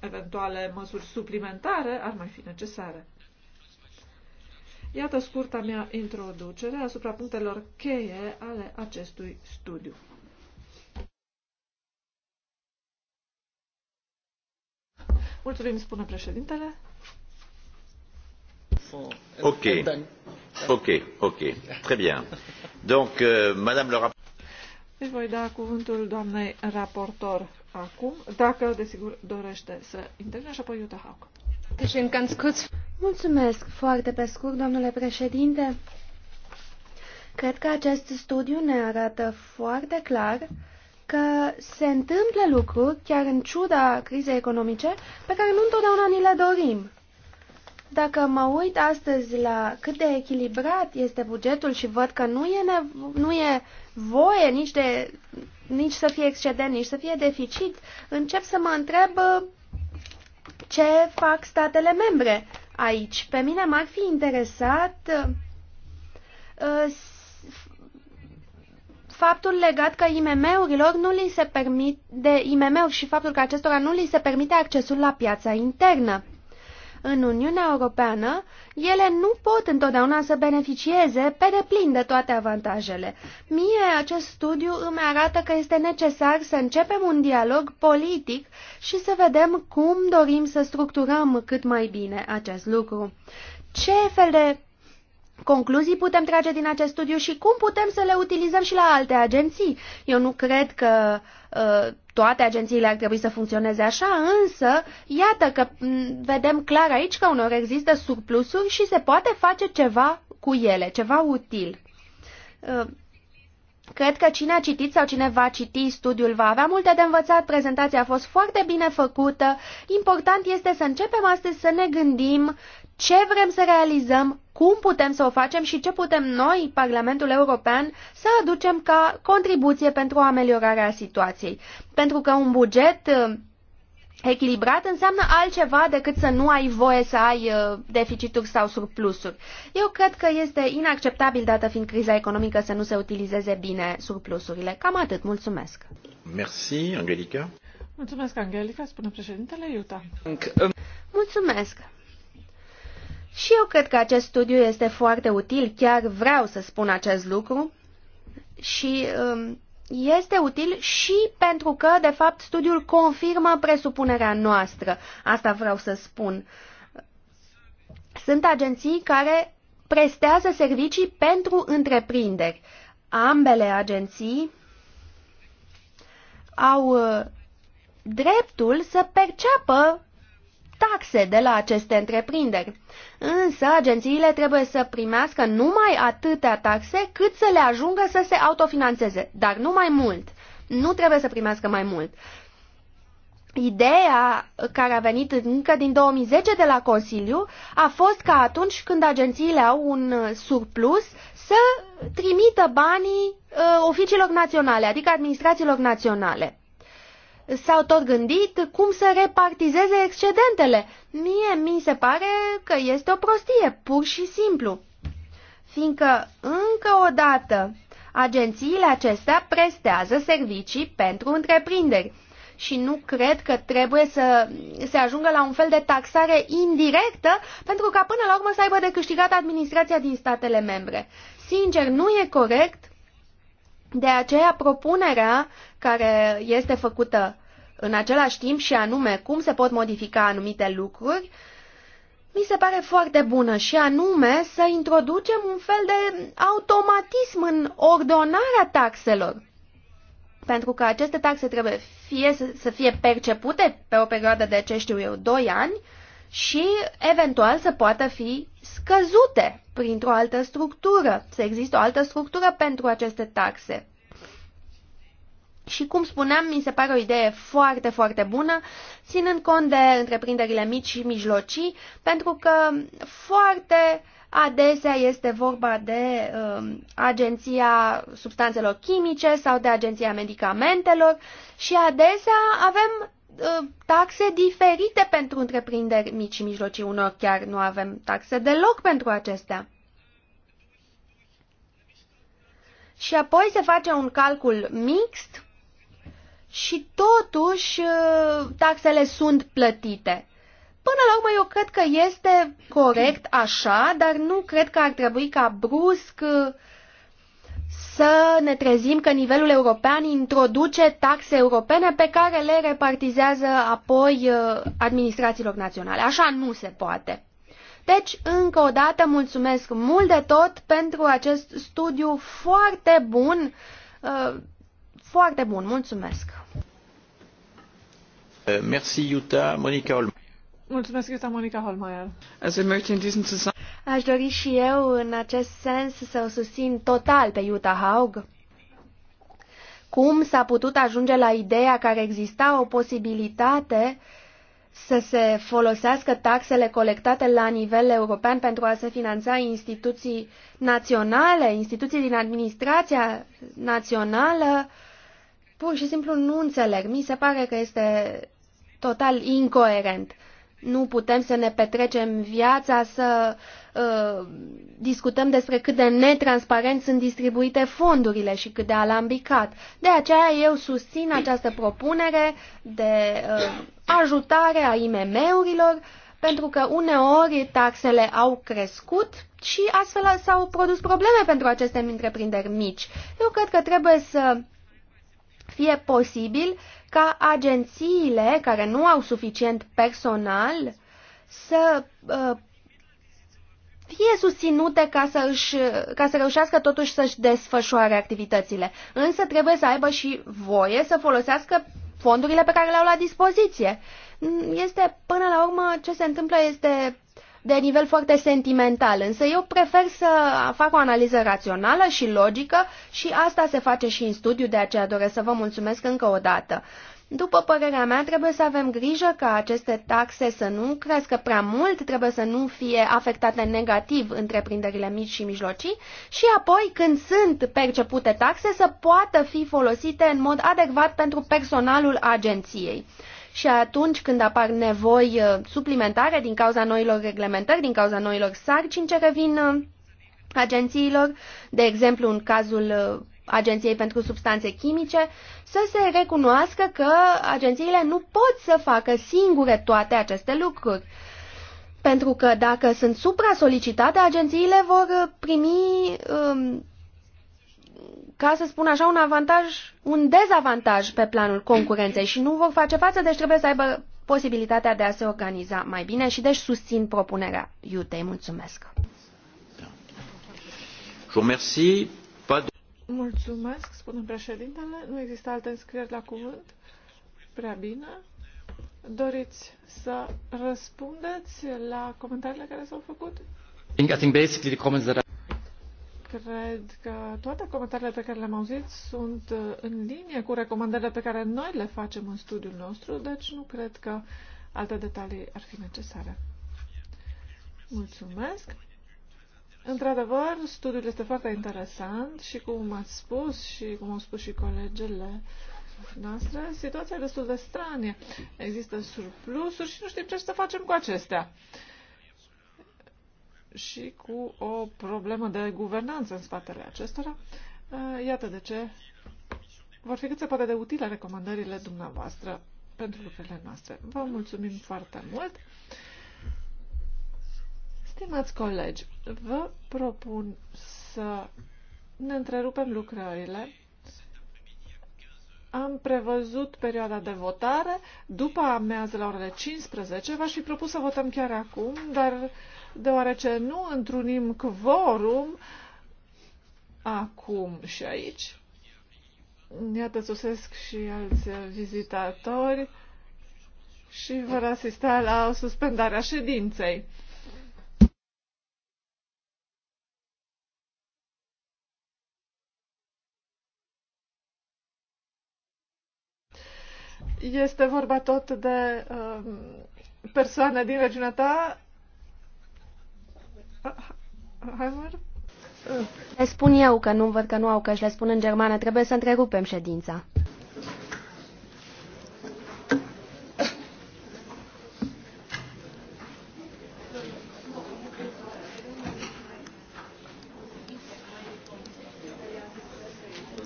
eventuale măsuri suplimentare ar mai fi necesare. Iată scurta mea introducere asupra punctelor cheie ale acestui studiu. Mulțumim, spune președintele. Ok. Ok, ok. Très bien. Donc, euh, Madame le rapporteur. voi da cuvântul doamnei raportor acum, dacă, desigur, dorește să intervine, și apoi Iuta Hauk. Mulțumesc foarte pe scurt, domnule președinte. Cred că acest studiu ne arată foarte clar că se întâmplă lucruri, chiar în ciuda crizei economice, pe care nu întotdeauna ni le dorim. Dacă mă uit astăzi la cât de echilibrat este bugetul și văd că nu e, nu e voie nici, de, nici să fie excedent, nici să fie deficit, încep să mă întreb ce fac statele membre aici. Pe mine m-ar fi interesat uh, faptul legat că IMM-urilor nu li se permit de IMM-uri și faptul că acestora nu li se permite accesul la piața internă în Uniunea Europeană, ele nu pot întotdeauna să beneficieze pe deplin de toate avantajele. Mie acest studiu îmi arată că este necesar să începem un dialog politic și să vedem cum dorim să structurăm cât mai bine acest lucru. Ce fel de Concluzii putem trage din acest studiu și cum putem să le utilizăm și la alte agenții. Eu nu cred că uh, toate agențiile ar trebui să funcționeze așa, însă iată că vedem clar aici că unor există surplusuri și se poate face ceva cu ele, ceva util. Ă, cred că cine a citit sau cine va citi studiul va avea multe de învățat, prezentația a fost foarte bine făcută. Important este să începem astăzi să ne gândim ce vrem să realizăm, cum putem să o facem și ce putem noi, Parlamentul European, să aducem ca contribuție pentru ameliorarea situației. Pentru că un buget uh, echilibrat înseamnă altceva decât să nu ai voie să ai uh, deficituri sau surplusuri. Eu cred că este inacceptabil, dată fiind criza economică, să nu se utilizeze bine surplusurile. Cam atât. Mulțumesc. Merci, Angelica. Mulțumesc, Angelica, spune președintele Iuta. Mulțumesc. Și eu cred că acest studiu este foarte util, chiar vreau să spun acest lucru. Și um, este util și pentru că, de fapt, studiul confirmă presupunerea noastră. Asta vreau să spun. Sunt agenții care prestează servicii pentru întreprinderi. Ambele agenții au uh, dreptul să perceapă taxe de la aceste întreprinderi. Însă, agențiile trebuie să primească numai atâtea taxe cât să le ajungă să se autofinanțeze, dar nu mai mult. Nu trebuie să primească mai mult. Ideea care a venit încă din 2010 de la Consiliu a fost ca atunci când agențiile au un surplus să trimită banii uh, oficiilor naționale, adică administrațiilor naționale s-au tot gândit cum să repartizeze excedentele. Mie mi se pare că este o prostie, pur și simplu. Fiindcă, încă o dată, agențiile acestea prestează servicii pentru întreprinderi și nu cred că trebuie să se ajungă la un fel de taxare indirectă pentru ca până la urmă să aibă de câștigat administrația din statele membre. Sincer, nu e corect de aceea, propunerea care este făcută în același timp și anume cum se pot modifica anumite lucruri, mi se pare foarte bună și anume să introducem un fel de automatism în ordonarea taxelor. Pentru că aceste taxe trebuie fie să fie percepute pe o perioadă de, ce știu eu, 2 ani, și eventual să poată fi scăzute printr-o altă structură, să există o altă structură pentru aceste taxe. Și cum spuneam, mi se pare o idee foarte, foarte bună, ținând cont de întreprinderile mici și mijlocii, pentru că foarte adesea este vorba de uh, Agenția Substanțelor Chimice sau de Agenția Medicamentelor și adesea avem Uh, taxe diferite pentru întreprinderi mici și mijlocii, unor chiar nu avem taxe deloc pentru acestea. Și apoi se face un calcul mixt și totuși uh, taxele sunt plătite. Până la urmă, eu cred că este corect așa, dar nu cred că ar trebui ca brusc uh, să ne trezim că nivelul european introduce taxe europene pe care le repartizează apoi uh, administrațiilor naționale. Așa nu se poate. Deci, încă o dată, mulțumesc mult de tot pentru acest studiu foarte bun. Uh, foarte bun, mulțumesc. Merci, Iuta. Monica Olm. Mulțumesc, este Monica Holmeier. Aș dori și eu în acest sens să o susțin total pe Utah Haug. Cum s-a putut ajunge la ideea care exista o posibilitate să se folosească taxele colectate la nivel european pentru a se finanța instituții naționale, instituții din administrația națională, pur și simplu nu înțeleg. Mi se pare că este total incoerent nu putem să ne petrecem viața, să uh, discutăm despre cât de netransparent sunt distribuite fondurile și cât de alambicat. De aceea eu susțin această propunere de uh, ajutare a IMM-urilor, pentru că uneori taxele au crescut și astfel s-au produs probleme pentru aceste întreprinderi mici. Eu cred că trebuie să fie posibil ca agențiile care nu au suficient personal să uh, fie susținute ca să, își, ca să reușească totuși să-și desfășoare activitățile. Însă trebuie să aibă și voie să folosească fondurile pe care le-au la dispoziție. Este, până la urmă, ce se întâmplă este de nivel foarte sentimental, însă eu prefer să fac o analiză rațională și logică și asta se face și în studiu, de aceea doresc să vă mulțumesc încă o dată. După părerea mea, trebuie să avem grijă ca aceste taxe să nu crească prea mult, trebuie să nu fie afectate negativ întreprinderile mici și mijlocii și apoi, când sunt percepute taxe, să poată fi folosite în mod adecvat pentru personalul agenției și atunci când apar nevoi uh, suplimentare din cauza noilor reglementări, din cauza noilor sarcini ce revin uh, agențiilor, de exemplu în cazul uh, Agenției pentru Substanțe Chimice, să se recunoască că agențiile nu pot să facă singure toate aceste lucruri. Pentru că dacă sunt supra-solicitate, agențiile vor primi um, ca să spun așa, un avantaj, un dezavantaj pe planul concurenței și nu vor face față, deci trebuie să aibă posibilitatea de a se organiza mai bine și deci susțin propunerea Iutei. Mulțumesc! Mulțumesc, spunem președintele. Nu există alte înscrieri la cuvânt. Prea bine. Doriți să răspundeți la comentariile care s-au făcut? Cred că toate comentariile pe care le-am auzit sunt uh, în linie cu recomandările pe care noi le facem în studiul nostru, deci nu cred că alte detalii ar fi necesare. Mulțumesc! Într-adevăr, studiul este foarte interesant și cum ați spus și cum au spus și colegele noastre, situația e destul de stranie. Există surplusuri și nu știm ce să facem cu acestea. Uh, și cu o problemă de guvernanță în spatele acestora. Eh, iată de ce vor fi cât se poate de utile recomandările dumneavoastră pentru lucrurile noastre. Vă mulțumim foarte mult! Stimați colegi, vă propun să ne întrerupem lucrările. Am prevăzut perioada de votare. După amează la orele 15, v-aș fi propus să votăm chiar acum, dar deoarece nu întrunim quorum acum și aici. Iată, sosesc și alți vizitatori și vor asista la suspendarea ședinței. Este vorba tot de um, persoane din regiunea ta le spun eu că nu văd că nu au, că și le spun în germană. Trebuie să întrerupem ședința.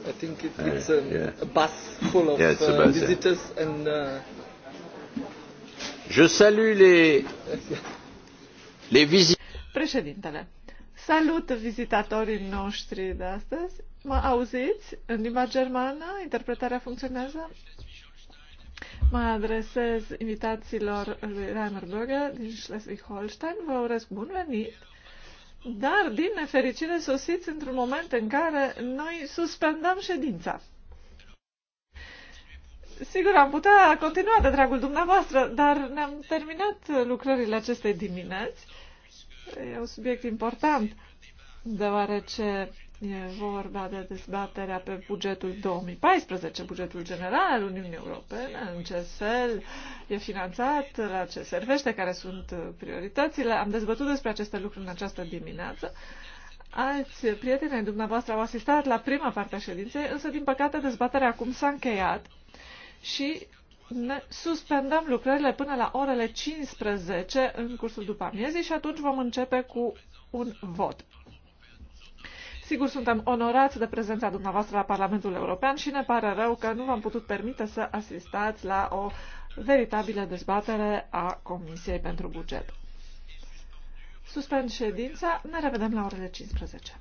I think it, it's a, yeah. a bus full of yeah, uh, bus, visitors yeah. and. Uh... Je salue les les visiteurs. Președintele, salut vizitatorii noștri de astăzi. Mă auziți? În limba germană interpretarea funcționează? Mă adresez invitațiilor lui Rainer Böge din Schleswig-Holstein. Vă urez bun venit! Dar, din nefericire, sosiți într-un moment în care noi suspendăm ședința. Sigur, am putea continua de dragul dumneavoastră, dar ne-am terminat lucrările acestei dimineți E un subiect important, deoarece e vorba de dezbaterea pe bugetul 2014, bugetul general al Uniunii Europene, în ce fel e finanțat, la ce servește, care sunt prioritățile. Am dezbătut despre aceste lucruri în această dimineață. Alți prieteni ai dumneavoastră au asistat la prima parte a ședinței, însă, din păcate, dezbaterea acum s-a încheiat și ne suspendăm lucrările până la orele 15 în cursul după amiezii și atunci vom începe cu un vot. Sigur, suntem onorați de prezența dumneavoastră la Parlamentul European și ne pare rău că nu v-am putut permite să asistați la o veritabilă dezbatere a Comisiei pentru Buget. Suspend ședința, ne revedem la orele 15.